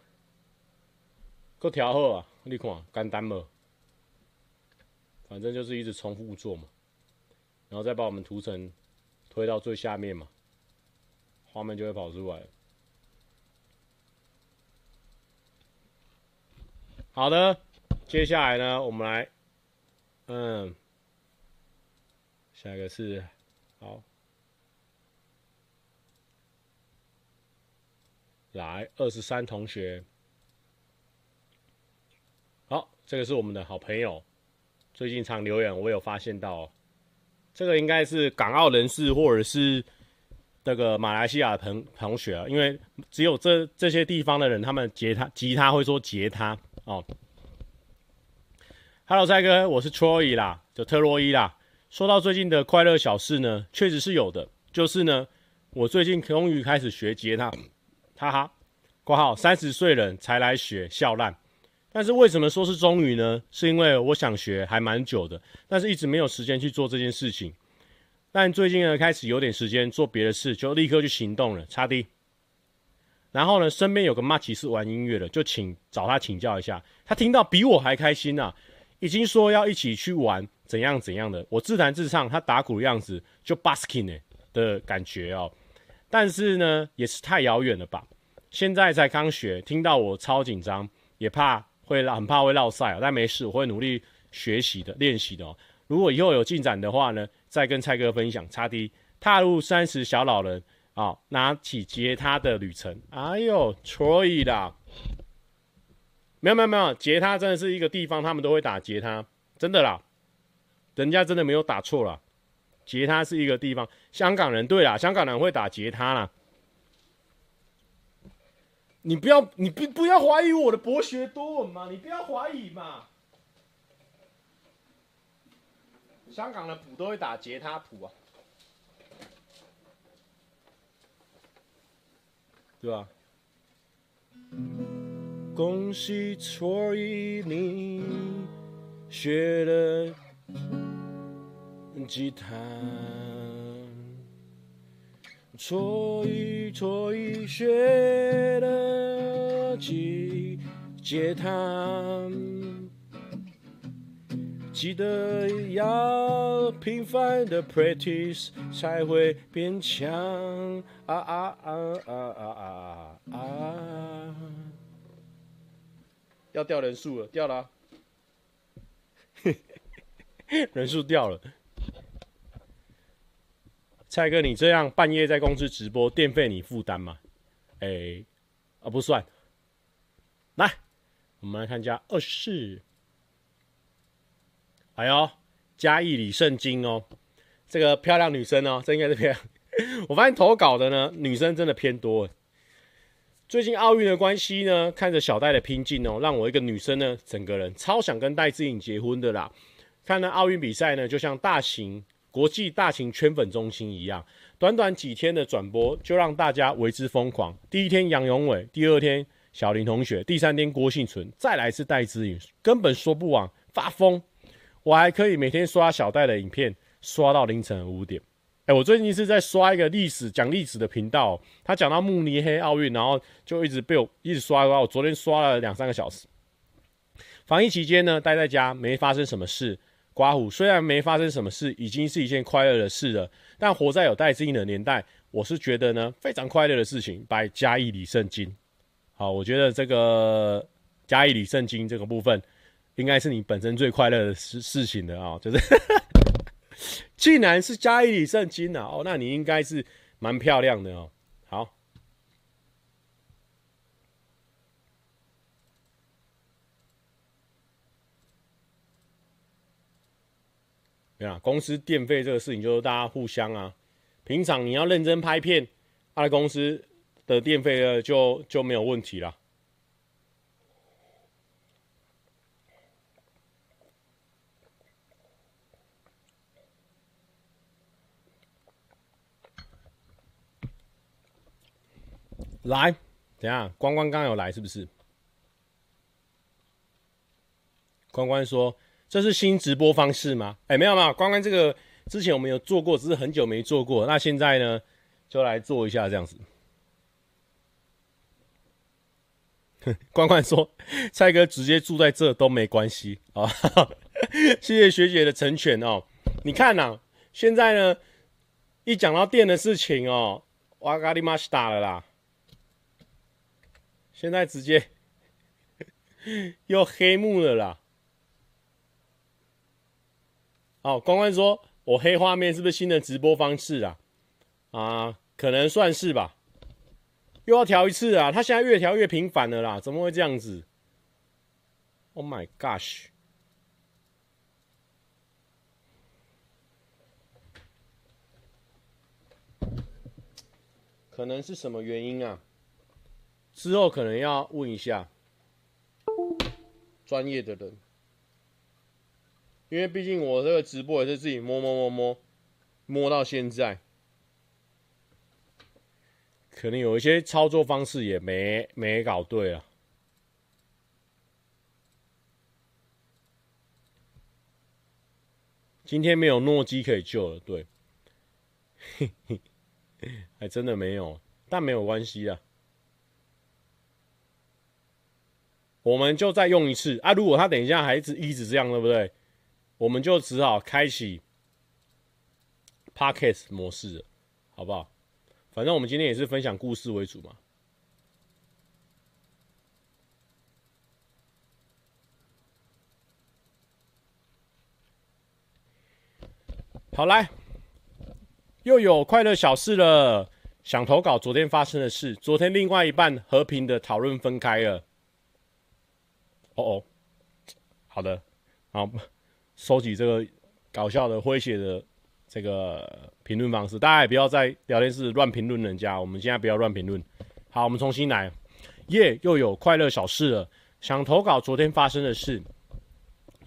A: 佫調好啊。你看，簡單冇？反正就是一直重複做嘛，然後再把我們圖層推到最下面嘛，畫面就會跑出來了。好的，接下來呢，我們來，嗯，下一個是，好。來，二十三同學，好，哦，這個是我們的好朋友，最近常留言，我有發現到，哦，這個應該是港澳人士或者是這個馬來西亞的朋同學啊，因為只有這這些地方的人，他們吉他吉他會說結他。哦。Hello，蔡哥，我是 Troy 啦，就特洛伊啦。說到最近的快樂小事呢，確實是有的，就是呢，我最近終於開始學吉他。哈哈，括號三十歲人才來學笑爛，但是為什麼說是終於呢？是因為我想學還蠻久的，但是一直沒有時間去做這件事情。但最近呢，開始有點時間做別的事，就立刻去行動了，差滴。然後呢，身邊有個麻吉是玩音樂的，就請找他請教一下。他聽到比我還開心吶、啊，已經說要一起去玩怎樣怎樣的。我自彈自唱，他打鼓的樣子就 busking、欸、的感覺哦。但是呢，也是太遙遠了吧？現在才剛學，聽到我超緊張，也怕會很怕會落賽、啊、但沒事，我會努力學習的、練習的哦。如果以後有進展的話呢，再跟蔡哥分享。差 D 踏入三十小老人啊、哦，拿起吉他的旅程。哎呦，吹意啦！沒有沒有沒有，吉他真的是一個地方，他們都會打吉他，真的啦，人家真的沒有打錯啦。吉他是一個地方，香港人對啦，香港人會打吉他啦。你不要，你不不要懷疑我的博學多聞嘛，你不要懷疑嘛。香港人普都會打吉他譜啊，對吧？恭喜，所以你學的。吉他，所以所以學了吉吉他，記得要頻繁的 practice 才會變強啊啊啊啊啊啊，啊啊啊啊啊啊！要掉人數了，掉了、啊， 人數掉了。蔡哥，你這樣半夜在公司直播，電費你負擔嗎？哎、欸，啊不算。來，我們來看一下二四，還、哦、有、哎、嘉義李聖經哦，這個漂亮女生哦，這個、應該是漂亮。 我發現投稿的呢，女生真的偏多了。最近奧運的關係呢，看着小戴的拼勁哦，讓我一個女生呢，整個人超想跟戴資穎結婚的啦。看了奧運比賽呢，就像大型。國際大型圈粉中心一樣，短短幾天的轉播就讓大家為之瘋狂。第一天楊勇緯，第二天小林同學，第三天郭婞淳，再來一次戴資穎，根本說不完，發瘋。我還可以每天刷小戴的影片，刷到凌晨五點。誒，我最近是在刷一個歷史講歷史的頻道，他講到慕尼黑奧運，然後就一直被我一直刷到，我昨天刷了兩三個小時。防疫期間呢，待在家，沒發生什麼事。刮胡，雖然沒發生什麼事，已經是一件快樂的事了。但活在有戴資穎的年代，我是覺得呢非常快樂的事情。把加一禮聖經，好，我覺得這個加一禮聖經這個部分，應該是你本身最快樂的事事情了啊、哦，就是， 既然是加一禮聖經啊，哦，那你應該是蠻漂亮的哦。好。呀，公司電費這個事情就是大家互相啊。平常你要認真拍片，他、啊、的公司的電費呢就就沒有問題了。來，怎樣？關關剛剛有來是不是？關關說。這是新直播方式嗎？哎，沒有，沒有，關關這個之前我們有做過，只是很久沒做過。那現在呢，就來做一下這樣子。哼，關關說：“蔡哥直接住在這都沒關係啊。”好，哈哈，謝謝學姐的成全哦。你看吶、啊，現在呢，一講到店的事情哦，哇嘎利媽西達了啦。現在直接又黑幕了啦。哦，關關說：“我黑畫面是不是新的直播方式啊？啊，可能算是吧。又要調一次啊，他現在越調越頻繁了啦，怎麼會這樣子？Oh my gosh！可能是什麼原因啊？之後可能要問一下專業的人。”因為畢竟我這個直播也是自己摸摸摸摸摸到現在，可能有一些操作方式也沒沒搞對了。今天沒有諾基可以救了，對，嘿嘿，還真的沒有，但沒有關係啊，我們就再用一次啊！如果他等一下還是一直，一直這樣，對不對？我們就只好開啟 Podcast 模式了，好不好？反正我們今天也是分享故事為主嘛。好來，又有快樂小事了，想投稿昨天發生的事。昨天另外一半和平的討論分開了。哦哦，好的，好。收集這個搞笑的、詼諧的這個評論方式，大家也不要在聊天室亂評論人家。我們現在不要亂評論，好，我們重新來。耶、yeah，又有快樂小事了。想投稿昨天發生的事。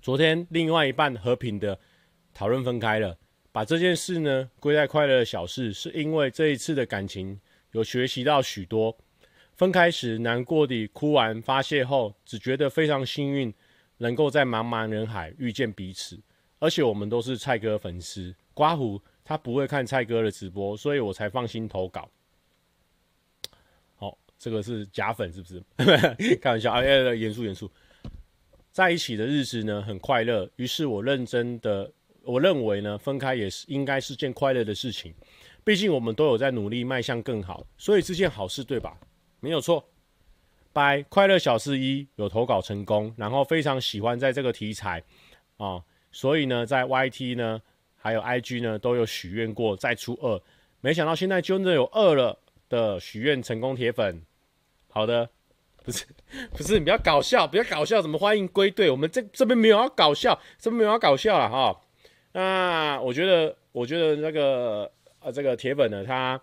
A: 昨天另外一半和平的討論分開了，把這件事呢歸在快樂小事，是因為這一次的感情有學習到許多。分開時難過地哭完發洩後，只覺得非常幸運。能夠在茫茫人海遇見彼此，而且我們都是蔡哥粉絲。刮鬍他不會看蔡哥的直播，所以我才放心投稿。好、哦，這個是假粉是不是？ 開玩笑啊！嚴肅嚴肅，在一起的日子呢，很快樂。於是我認真的，我認為呢，分開也是應該是件快樂的事情。畢竟我們都有在努力邁向更好，所以是件好事，對吧？沒有錯。拜快樂小事一有投稿成功，然後非常喜歡在這個題材啊、哦，所以呢，在 Y T 呢，還有 I G 呢，都有許願過再出二，沒想到現在真的有二了的許願成功鐵粉，好的，不是不是你不要搞笑，不要搞笑，怎麼歡迎歸隊？我們這這邊沒有要搞笑，這邊沒有要搞笑了哈、哦。那我覺得，我覺得那個呃、啊，這個鐵粉呢，他。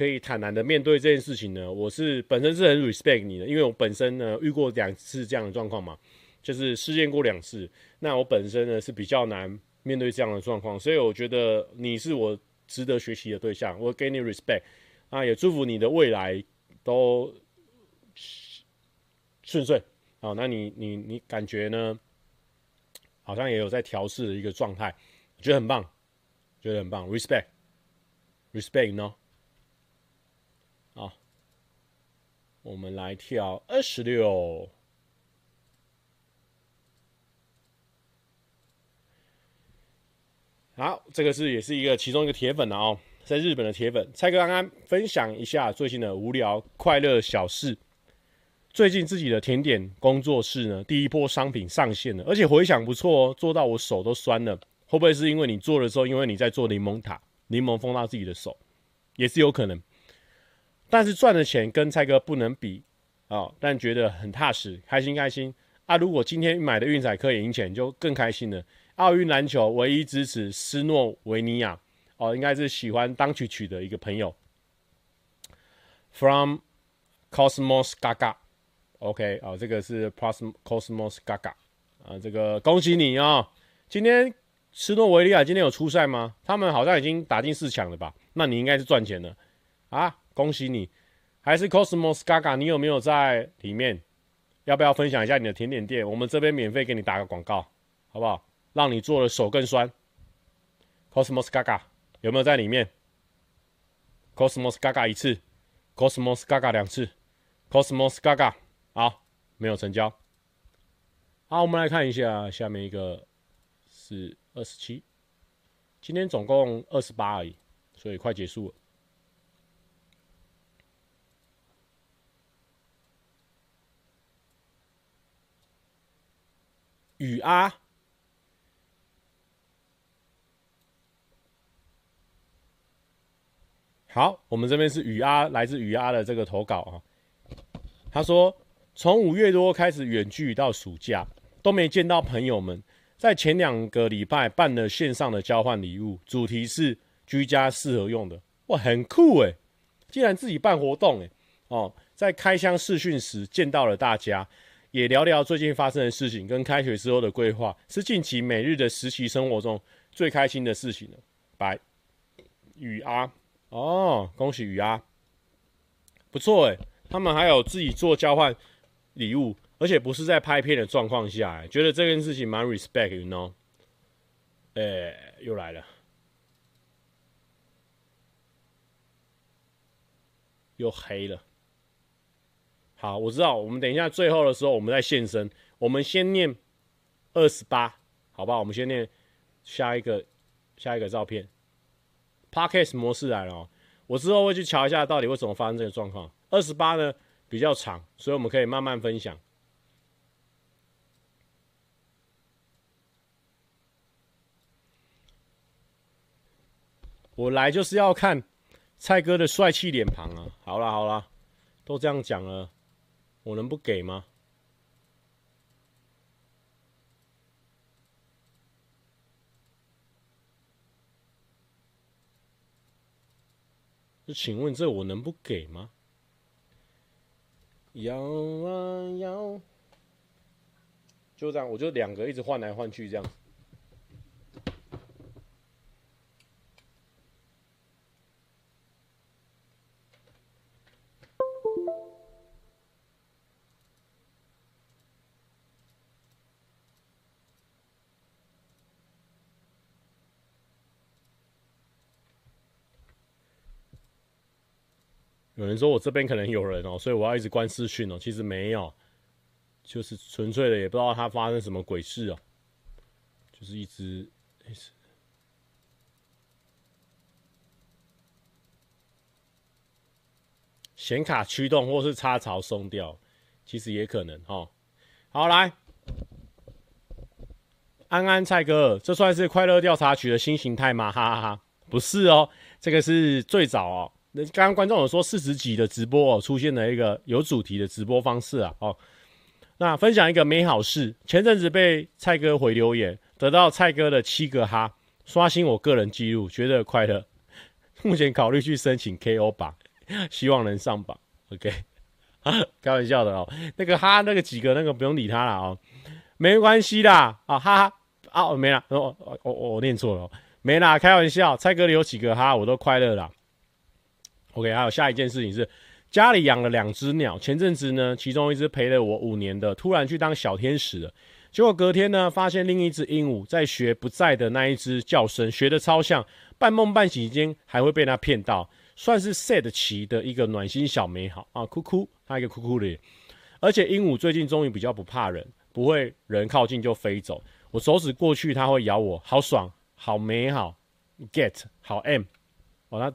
A: 可以坦然的面對這件事情呢？我是本身是很 respect 你的，因為我本身呢遇過兩次這樣的狀況嘛，就是失戀過兩次。那我本身呢是比較難面對這樣的狀況，所以我覺得你是我值得學習的對象，我給你 respect 啊，也祝福你的未來都順順。好、哦，那你你你感覺呢？好像也有在調適的一個狀態，覺得很棒，覺得很棒，respect，respect 呢？Respect, respect, you know? 我們來跳二十六。好，這個是也是一個其中一個鐵粉了哦，在日本的鐵粉，蔡哥剛剛分享一下最近的無聊快樂小事。最近自己的甜點工作室呢，第一波商品上線了，而且回響不錯哦，做到我手都酸了。會不會是因為你做的時候，因為你在做檸檬塔，檸檬封到自己的手，也是有可能。但是賺的錢跟蔡哥不能比，啊、哦！但覺得很踏實，開心開心啊！如果今天買的運彩可以贏錢，就更開心了。奧運籃球唯一支持斯諾維尼亞，哦，應該是喜歡當曲曲的一個朋友，from cosmos 嘎嘎，OK 哦，這個是 pros cosmos 嘎嘎，啊，這個恭喜你啊、哦！今天斯諾維尼亞今天有出賽嗎？他們好像已經打進四強了吧？那你應該是賺錢了啊！恭喜你，還是 Cosmos Gaga？你有沒有在裡面？要不要分享一下你的甜點店？我們這邊免費給你打個廣告，好不好？讓你做的手更酸。Cosmos Gaga 有沒有在裡面？Cosmos Gaga 一次，Cosmos Gaga 兩次，Cosmos Gaga 好，沒有成交。好、啊，我們來看一下下面一個是二十七，今天總共二十八而已，所以快結束了。雨阿，好，我們這邊是雨阿，來自雨阿的這個投稿啊。他說，從五月多開始遠距離到暑假，都沒見到朋友們。在前兩個禮拜辦了線上的交換禮物，主題是居家適合用的，哇，很酷誒、欸、竟然自己辦活動誒、欸、哦，在開箱視訊時見到了大家。也聊聊最近發生的事情，跟開學之後的規劃，是近期每日的實習生活中最開心的事情了。拜，雨啊，哦，恭喜雨啊，不錯哎，他們還有自己做交換禮物，而且不是在拍片的狀況下誒，覺得這件事情蠻 respect you know。哎，又來了，又黑了。好，我知道。我們等一下最後的時候，我們再現身。我們先念二十八，好不好？我們先念下一個，下一個照片。Parkes 模式來了哦，我之後會去瞧一下到底為什麼發生這個狀況。二十八呢比較長，所以我們可以慢慢分享。我來就是要看蔡哥的帥氣臉龐啊！好了好了，都這樣講了。我能不給嗎？就請問這我能不給嗎？搖啊搖，就這樣，我就兩個一直換來換去這樣。有人說我這邊可能有人哦、喔，所以我要一直關視訊哦。其實沒有，就是純粹的，也不知道他發生什麼鬼事哦、喔。就是一直顯卡驅動或是插槽鬆掉，其實也可能哦、喔。好，來安安蔡哥，這算是快樂調查局的新形態嗎？哈哈哈，不是哦、喔，這個是最早哦、喔。那剛剛觀眾有說四十幾的直播哦，出現了一個有主題的直播方式啊，哦，那分享一個美好事，前陣子被蔡哥回留言，得到蔡哥的七個哈，刷新我個人記錄，覺得快樂。目前考慮去申請 KO 榜，希望能上榜。OK，哈哈開玩笑的哦，那個哈，那個幾個，那個不用理他了哦，沒關係啦，啊，哈哈，啊，沒啦，我哦，哦，哦，我念錯了，哦，沒啦，開玩笑，蔡哥裡有幾個哈，我都快樂啦。OK，還有下一件事情是，家裡養了兩隻鳥。前陣子呢，其中一隻陪了我五年的，突然去當小天使了。結果隔天呢，發現另一隻鸚鵡在學不在的那一隻叫聲，學得超像。半夢半醒間，還會被它騙到，算是 sad 期的一個暖心小美好啊！哭哭，它一個哭哭的。而且鸚鵡最近終於比較不怕人，不會人靠近就飛走。我手指過去，它會咬我，好爽，好美好，get，好 M，我、哦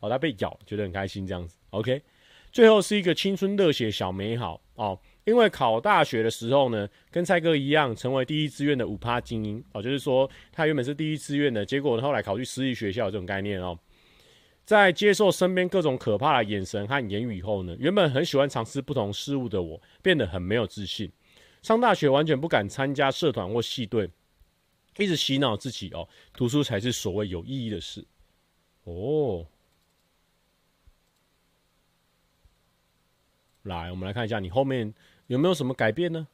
A: 哦，他被咬，覺得很開心這樣子。OK，最後是一個青春熱血小美好哦。因為考大學的時候呢，跟蔡哥一樣，成為第一志願的五趴精英哦，就是說他原本是第一志願的，結果後來考去私立學校這種概念哦。在接受身邊各種可怕的眼神和言語後呢，原本很喜歡嘗試不同事物的我，變得很沒有自信。上大學完全不敢參加社團或系隊，一直洗腦自己哦，讀書才是所謂有意義的事。哦。來，我們來看一下你後面有沒有什麼改變呢？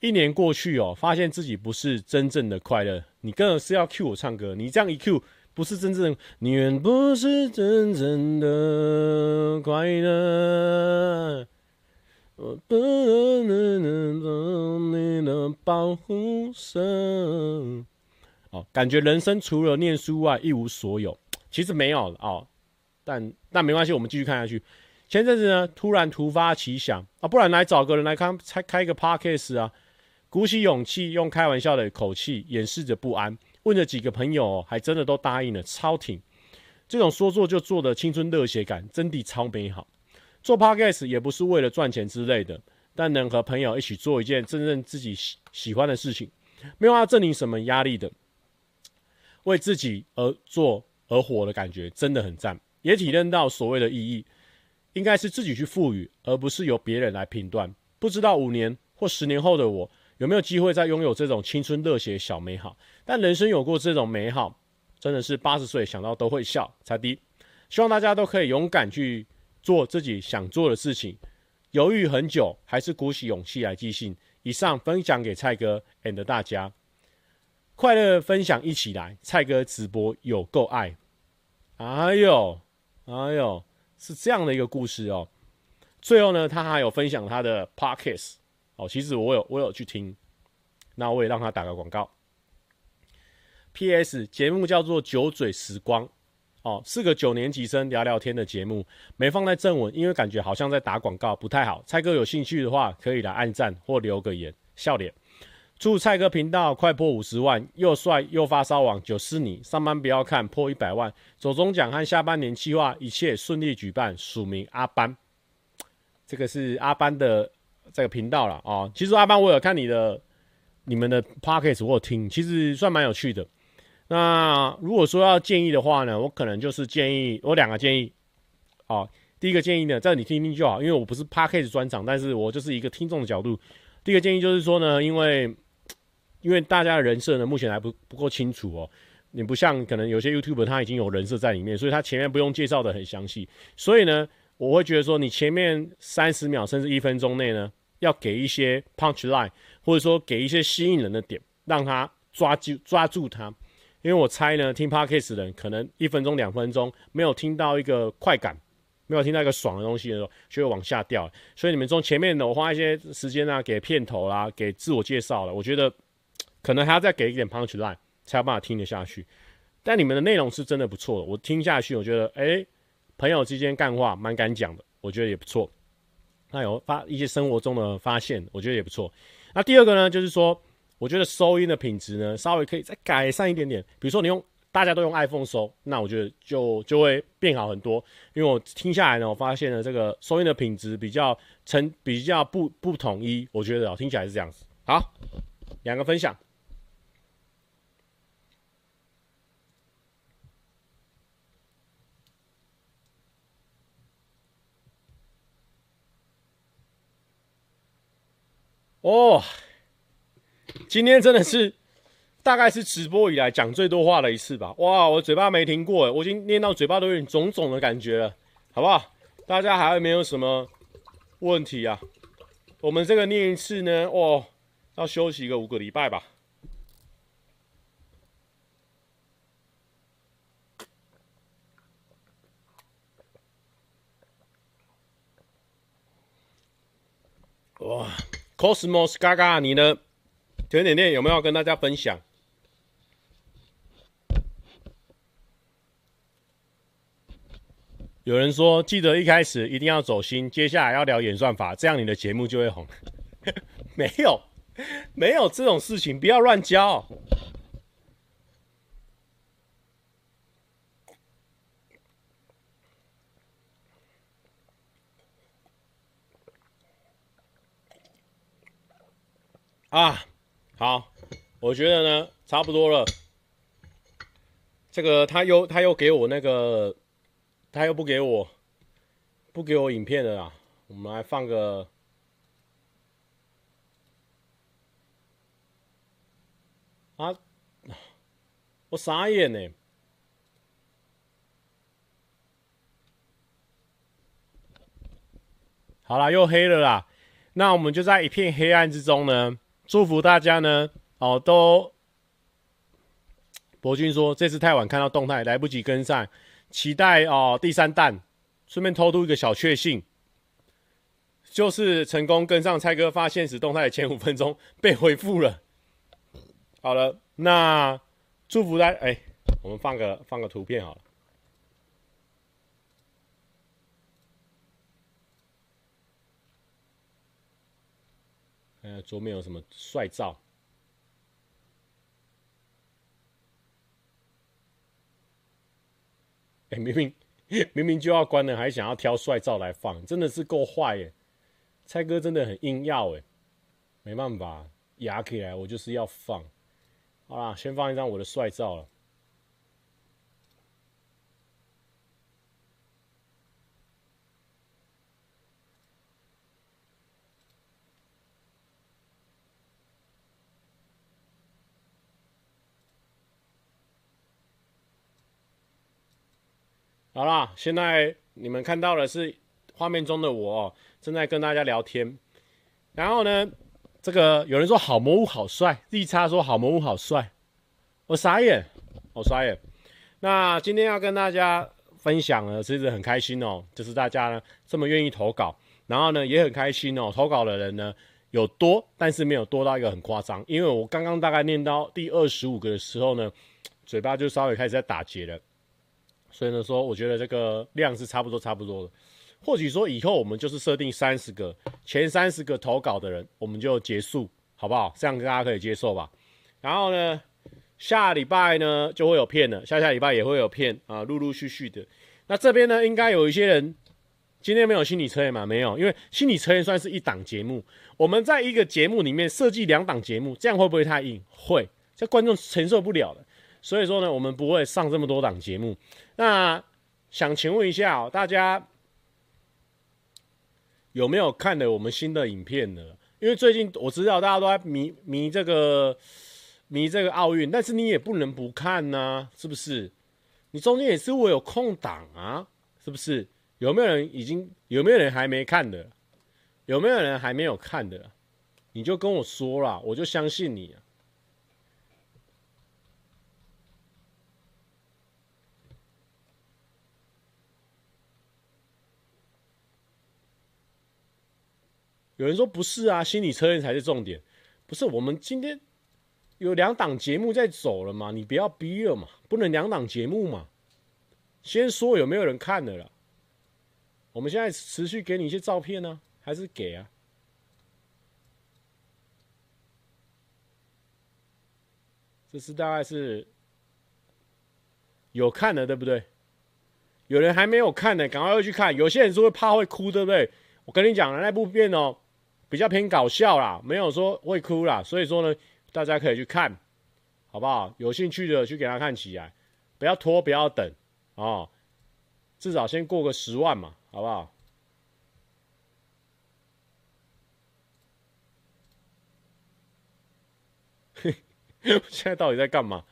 A: 一年過去哦，發現自己不是真正的快樂。你更是要 Q 我唱歌，你這樣一 Q，不是真正的，你也不是真正的快樂，我不能不能懂你的保護色。哦、感覺人生除了念書外一無所有，其實沒有了哦。但但沒關係，我們繼續看下去。前陣子呢，突然突發奇想啊，不然來找個人來看，開開個 Podcast 啊。鼓起勇氣，用開玩笑的口氣，掩飾着不安，問了幾個朋友、哦，還真的都答應了，超挺。這種說做就做的青春熱血感，真的超美好。做 Podcast 也不是為了賺錢之類的，但能和朋友一起做一件真正自己喜喜歡的事情，沒有要證明什麼壓力的。為自己而做而活的感覺真的很讚，也體驗到所謂的意義，應該是自己去賦予，而不是由別人來評斷。不知道五年或十年後的我有沒有機會再擁有這種青春熱血小美好，但人生有過這種美好，真的是八十歲想到都會笑。才丁，希望大家都可以勇敢去做自己想做的事情，猶豫很久，還是鼓起勇氣來寄信。以上分享給蔡哥 and 大家。快樂分享一起來，蔡哥直播有夠愛，哎呦哎呦，是這樣的一個故事哦。最後呢，他還有分享他的 podcast，哦，其實我有我有去聽，那我也讓他打個廣告。P.S. 節目叫做《九嘴時光》，哦，是個九年級生聊聊天的節目，沒放在正文，因為感覺好像在打廣告不太好。蔡哥有興趣的話，可以來按讚或留個言，笑臉。祝蔡哥頻道快破五十萬，又帥又發燒網九四你上班不要看破一百萬，左中獎和下半年計劃一切順利舉辦署名阿班，這個是阿班的這個頻道了啊、哦。其實阿班我有看你的你們的 Podcast 我有聽，其實算蠻有趣的。那如果說要建議的話呢，我可能就是建議我兩個建議啊、哦。第一個建議呢，這個、你聽聽就好，因為我不是 Podcast 專場，但是我就是一個聽眾的角度。第一個建議就是說呢，因為因為大家的人設呢，目前還不不夠清楚哦。你不像可能有些 YouTuber 他已經有人設在裡面，所以他前面不用介紹的很詳細。所以呢，我會覺得說，你前面三十秒甚至一分鐘內呢，要給一些 punch line，或者說給一些吸引人的點，讓他抓住抓住他。因為我猜呢，聽 Podcast 的人可能一分鐘兩分鐘沒有聽到一個快感，沒有聽到一個爽的東西的時候，就會往下掉。所以你們從前面呢，我花一些時間啊，給片頭啦，給自我介紹了，我覺得。可能還要再給一點 punch line，才有辦法聽得下去。但你們的內容是真的不錯的，我聽下去，我覺得，誒、欸，朋友之間幹話蠻敢講的，我覺得也不錯。還有發一些生活中的發現，我覺得也不錯。那第二個呢，就是說，我覺得收音的品質呢，稍微可以再改善一點點。比如說你用，大家都用 iPhone 收，那我覺得就就會變好很多。因為我聽下來呢，我發現了這個收音的品質比較成比較不不統一，我覺得喔，聽起來是這樣子。好，兩個分享。哦，今天真的是大概是直播以來講最多話的一次吧！哇，我嘴巴沒停過，我已經念到嘴巴都有點腫腫的感覺了，好不好？大家還有沒有什麼問題啊？我們這個念一次呢，哦，要休息個五個禮拜吧。哇！Cosmos，嘎嘎，你呢？甜點店有沒有跟大家分享？有人說，記得一開始一定要走心，接下來要聊演算法，這樣你的節目就會紅。 沒有，沒有這種事情，不要亂教。啊，好，我覺得呢差不多了。這個他又他又給我那個，他又不給我，不給我影片了啦。我們來放個啊，我傻眼呢、欸？好啦，又黑了啦。那我們就在一片黑暗之中呢。祝福大家呢，哦，都。博君說這次太晚看到動態，來不及跟上，期待哦第三彈。順便偷渡一個小確幸，就是成功跟上蔡哥發限時動態的前五分鐘被回復了。好了，那祝福大家。哎，我們放個放個圖片好了。嗯，桌面有什麼帥照？哎，明明明明就要關了，還想要挑帥照來放，真的是夠壞耶！蔡哥真的很硬要哎，沒辦法，牙起來我就是要放。好啦，先放一張我的帥照了。好啦，現在你們看到的是畫面中的我喔，正在跟大家聊天。然後呢，這個有人說好魔物好帥，立叉 說好魔物好帥，我傻眼，我傻眼。那今天要跟大家分享的其實很開心哦、喔，就是大家呢這麼願意投稿，然後呢也很開心哦、喔。投稿的人呢有多，但是沒有多到一個很誇張，因為我剛剛大概念到第二十五個的時候呢，嘴巴就稍微開始在打結了。所以呢，說我覺得這個量是差不多差不多的。或許說以後我們就是設定三十個，前三十個投稿的人，我們就結束，好不好？這樣大家可以接受吧。然後呢，下禮拜呢就會有片了，下下禮拜也會有片啊，陸陸續續的。那這邊呢，應該有一些人今天沒有心理測驗嗎？沒有，因為心理測驗算是一檔節目。我們在一個節目裡面設計兩檔節目，這樣會不會太硬？會，這觀眾承受不了了。所以說呢，我們不會上這麼多檔節目。那想請問一下哦，大家有沒有看的我們新的影片呢？因為最近我知道大家都在迷迷這個迷這個奧運，但是你也不能不看吶，是不是？你中間也是我有空檔啊，是不是？有沒有人已經，有沒有人還沒看的？有沒有人還沒有看的？你就跟我說啦，我就相信你啊。有人說不是啊，心理測驗才是重點，不是？我們今天有兩檔節目在走了嘛？你不要逼了嘛，不能兩檔節目嘛？先說有沒有人看了啦？我們現在持續給你一些照片呢、啊，還是給啊？這是大概是有看的，對不對？有人還沒有看呢，趕快去看。有些人說會怕會哭，對不對？我跟你講了，那部片哦。比較偏搞笑啦，沒有說會哭啦，所以說呢，大家可以去看，好不好？有興趣的去給他看起來，不要拖，不要等啊、哦，至少先過個十萬嘛，好不好？嘿， 我現在到底在幹嘛？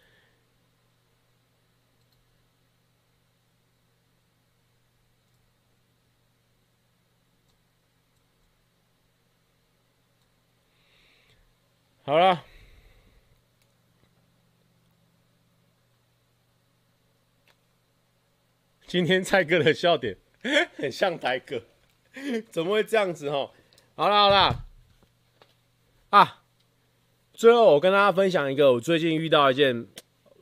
A: 好了，今天蔡哥的笑點很像台哥，怎麼會這樣子？齁，好了好了，啊，最後我跟大家分享一個我最近遇到一件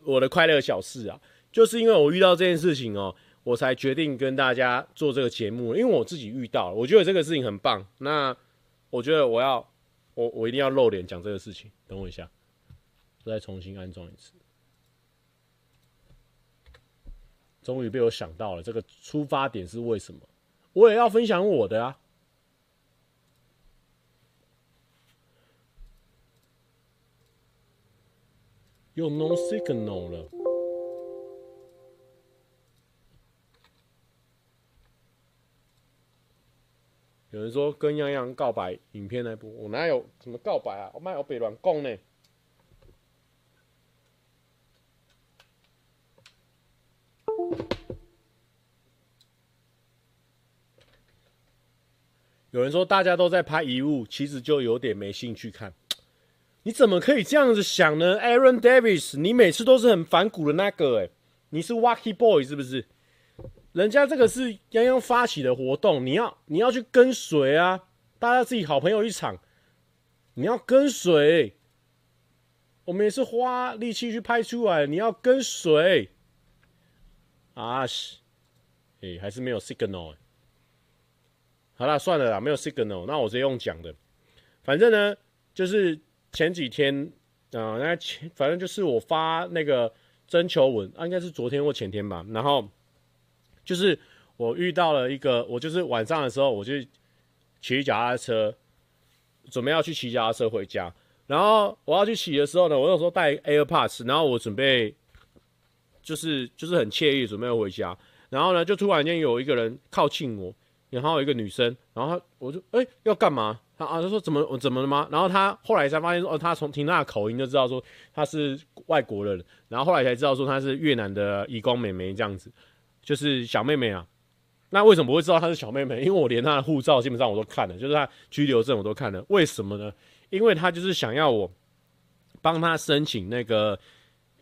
A: 我的快樂小事啊，就是因為我遇到這件事情哦、喔，我才決定跟大家做這個節目，因為我自己遇到了，我覺得這個事情很棒，那我覺得我要。我我一定要露臉講這個事情，等我一下，我再重新安裝一次。終於被我想到了，這個出發點是為什麼？我也要分享我的啊，又 no signal 了。有人說跟楊洋告白影片，那部，我哪有什麼告白啊？我賣我被亂講呢。有人說大家都在拍遺物，其實就有點沒興趣看。你怎麼可以這樣子想呢？Aaron Davis，你每次都是很反骨的那個哎、欸，你是 Wacky Boy 是不是？人家這個是泱泱發起的活動，你要你要去跟隨啊！大家自己好朋友一場，你要跟隨、欸。我們也是花力氣去拍出來，你要跟隨、欸。啊西，哎、欸，還是沒有 signal、欸。好啦，算了啦，沒有 signal，那我直接用講的。反正呢，就是前幾天啊、呃，那前反正就是我發那個徵求文，啊，應該是昨天或前天吧，然後。就是我遇到了一個，我就是晚上的時候，我就騎腳踏車，準備要去騎腳踏車回家。然後我要去騎的時候呢，我有時候帶 AirPods，然後我準備就是就是很愜意準備回家。然後呢，就突然間有一個人靠近我，然後有一個女生，然後我就哎、欸、要幹嘛？啊，她說，怎麼我怎麼了嗎？然後她後來才發現說，哦，她從聽她的口音就知道說她是外國人，然後後來才知道說她是越南的移工美眉這樣子。就是小妹妹啊，那為什麼不會知道她是小妹妹？因為我連她的護照基本上我都看了，就是她居留證我都看了。為什麼呢？因為她就是想要我幫她申請那個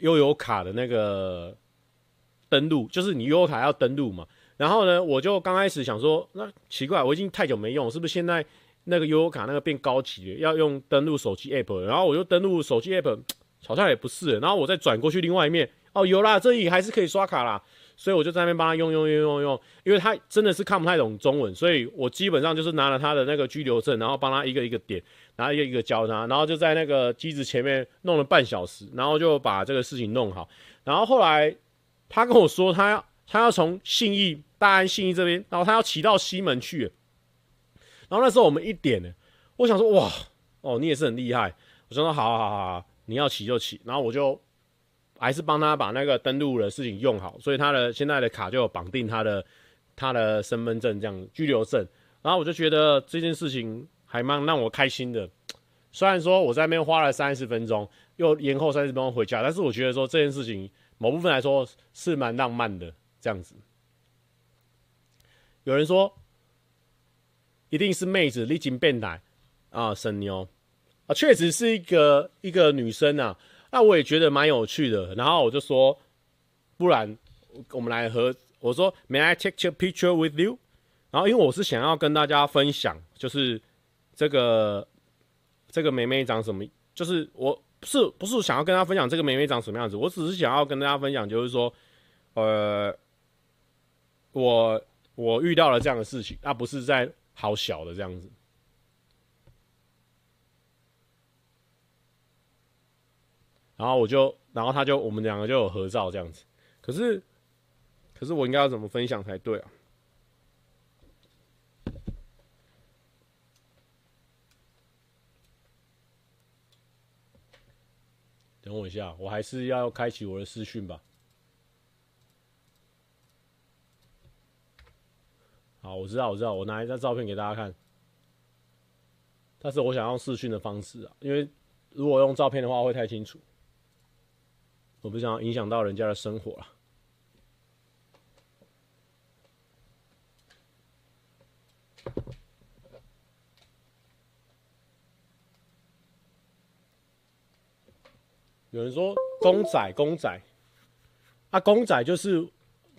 A: 悠遊卡的那個登錄，就是你悠遊卡要登錄嘛。然後呢，我就剛開始想說，那奇怪，我已經太久沒用，是不是現在那個悠遊卡那個變高級了，要用登錄手機 app？然後我就登錄手機 app，好像也不是。然後我再轉過去另外一面，哦，有啦，這裡還是可以刷卡啦。所以我就在那邊幫他用用用用用，因為他真的是看不太懂中文，所以我基本上就是拿了他的那個居留證，然後幫他一個一個點，然後一個一個教他，然後就在那個機子前面弄了半小時，然後就把這個事情弄好。然後後來他跟我說他，他要他要從信義大安信義這邊，然後他要騎到西門去。然後那時候我們一點呢，我想說哇，哦你也是很厲害，我想說說好好好好，你要騎就騎，然後我就。還是幫他把那個登錄的事情用好，所以他的現在的卡就有綁定他的他的身份證這樣居留證。然後我就覺得這件事情還蠻讓我開心的，雖然說我在那邊花了三十分鐘，又延後三十分鐘回家，但是我覺得說這件事情某部分來說是蠻浪漫的這樣子。有人說一定是妹子歷經變態啊，神牛啊，確實是一個一個女生啊。那我也覺得蠻有趣的，然後我就說，不然我們來和我說，May I take a picture with you？然後因為我是想要跟大家分享，就是這個這個妹妹長什麼，就是我不是不是想要跟大家分享這個妹妹長什麼樣子。我只是想要跟大家分享，就是說，呃，我我遇到了這樣的事情，那、啊、不是在好小的這樣子。然後我就，然後他就，我們兩個就有合照這樣子。可是，可是我應該要怎麼分享才對啊？等我一下，我還是要開啟我的視訊吧。好，我知道，我知道，我拿一張照片給大家看。但是我想用視訊的方式啊，因為如果用照片的話會太清楚。我不想影響到人家的生活了，啊。有人說公仔公仔，啊公仔就是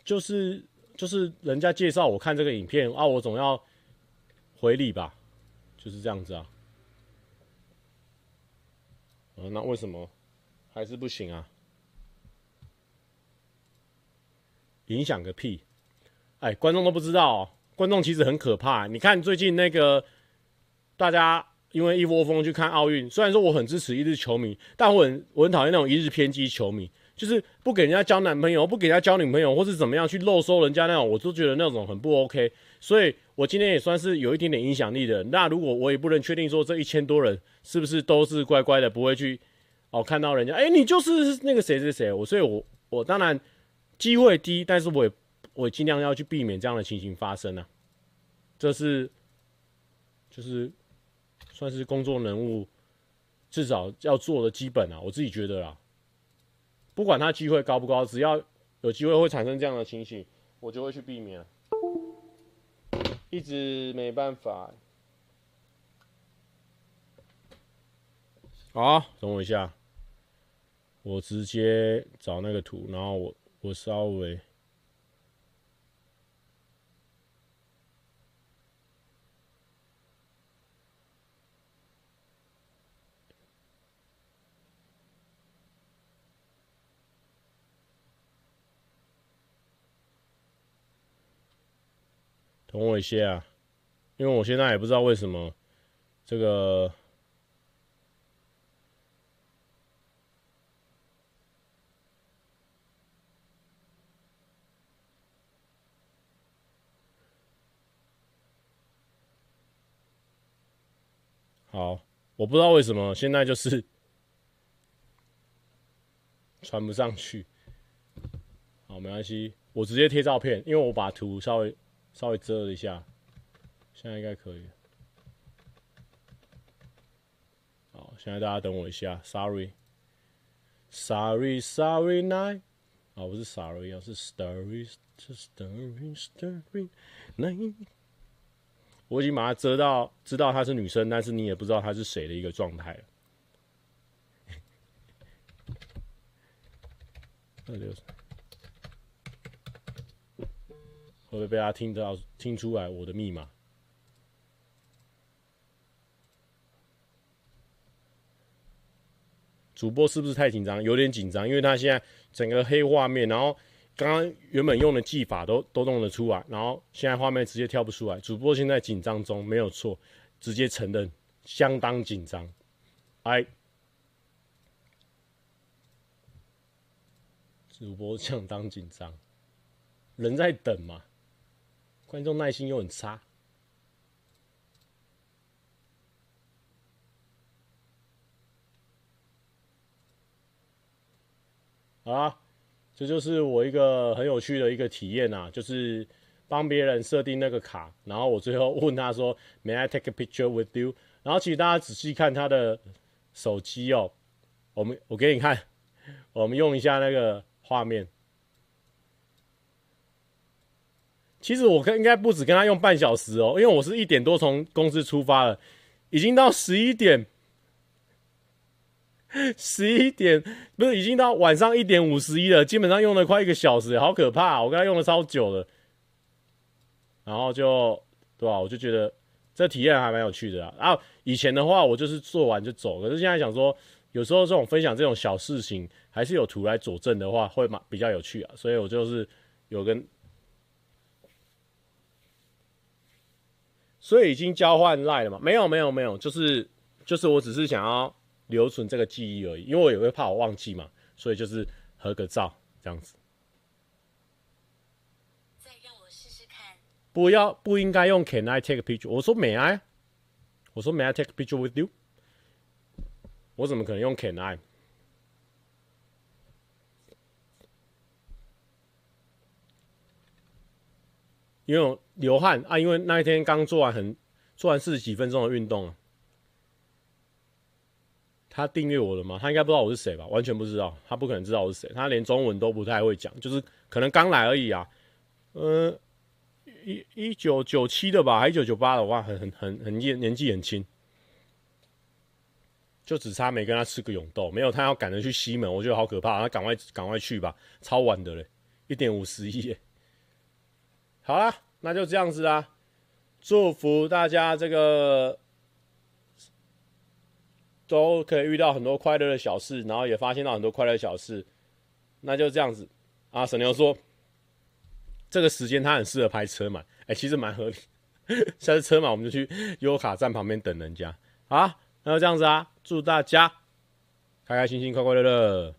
A: 就是就是人家介紹我看這個影片啊，我總要回禮吧，就是這樣子啊，啊。那為什麼還是不行啊？影響個屁！哎、欸，觀眾都不知道、喔，觀眾其實很可怕、欸。你看最近那個，大家因為一窩蜂去看奧運，雖然說我很支持一日球迷，但我很我很討厭那種一日偏激球迷，就是不給人家交男朋友，不給人家交女朋友，或是怎麼樣去漏搜人家那種，我都覺得那種很不 OK。所以我今天也算是有一點點影響力的。那如果我也不能確定說，這一千多人是不是都是乖乖的，不會去哦、喔、看到人家，哎、欸，你就是那個誰誰誰，我所以我，我我當然。機會低，但是我也我盡量要去避免這樣的情形發生啊！這是就是算是公眾人物至少要做的基本啊，我自己覺得啦。不管他機會高不高，只要有機會會產生這樣的情形，我就會去避免。一直沒辦法、欸。好、啊，等我一下，我直接找那個圖，然後我。我稍微等我一下，啊，因為我現在也不知道為什麼這個。好，我不知道為什麼現在就是傳不上去。好，沒關係，我直接貼照片，因為我把圖稍微稍微遮了一下，現在應該可以。好，現在大家等我一下，Sorry，Sorry，Sorry sorry, sorry, Night。啊，不是 Sorry，我是 Starry, just Starry, Starry, Night。我已經把它遮到，知道她是女生，但是你也不知道她是誰的一個狀態了。會不會被他聽到、聽出來我的密碼？主播是不是太緊張？有點緊張，因為他現在整個黑畫面，然後。剛剛原本用的技法都都弄得出來，然後現在畫面直接跳不出來。主播現在緊張中，沒有錯，直接承認相當緊張。哎，主播相當緊張，人在等嘛，觀眾耐心又很差啊。好這就是我一個很有趣的一個體驗吶、啊，就是幫別人設定那個卡，然後我最後問他說，May I take a picture with you？然後其實大家仔細看他的手機哦，我們我給你看，我們用一下那個畫面。其實我跟應該不止跟他用半小時哦，因為我是一點多從公司出發了，已經到十一點。 十一點不是已經到晚上一點五十一了，基本上用了快一個小時，好可怕啊！我剛才用了超久了，然後就，對吧，啊？我就覺得這個體驗還蠻有趣的啊。然後以前的話，我就是做完就走，可是現在想說，有時候這種分享這種小事情，還是有圖來佐證的話，會蠻比較有趣啊。所以我就是有跟，所以已經交換賴了嗎？沒有，沒有，沒有，就是就是，我只是想要。留存這個記憶而已，因為我也會怕我忘記嘛，所以就是合個照這樣子。再讓我試試看。不要，不應該用 Can I take a picture？我說 May I？我說 May I take a picture with you？我怎麼可能用 Can I？因為我流汗啊，因為那一天剛做完很做完四十幾分鐘的運動啊。他訂閱我了嗎？他應該不知道我是誰吧，完全不知道。他不可能知道我是誰，他連中文都不太會講，就是可能剛來而已啊。嗯、呃，一一九九七的吧，還一九九八的話，很很很很年年紀很輕，就只差沒跟他吃個永豆，沒有，他要趕着去西門，我覺得好可怕啊，他趕快趕快去吧，超晚的嘞，一點五十一耶。好啦，那就這樣子啦。祝福大家這個。都可以遇到很多快樂的小事，然後也發現到很多快樂小事，那就這樣子。啊，沈牛說，這個時間他很適合拍車嘛，哎、欸，其實蠻合理。 下次車嘛，我們就去優卡站旁邊等人家啊，那就這樣子啊。祝大
B: 家開開心心、快快樂樂。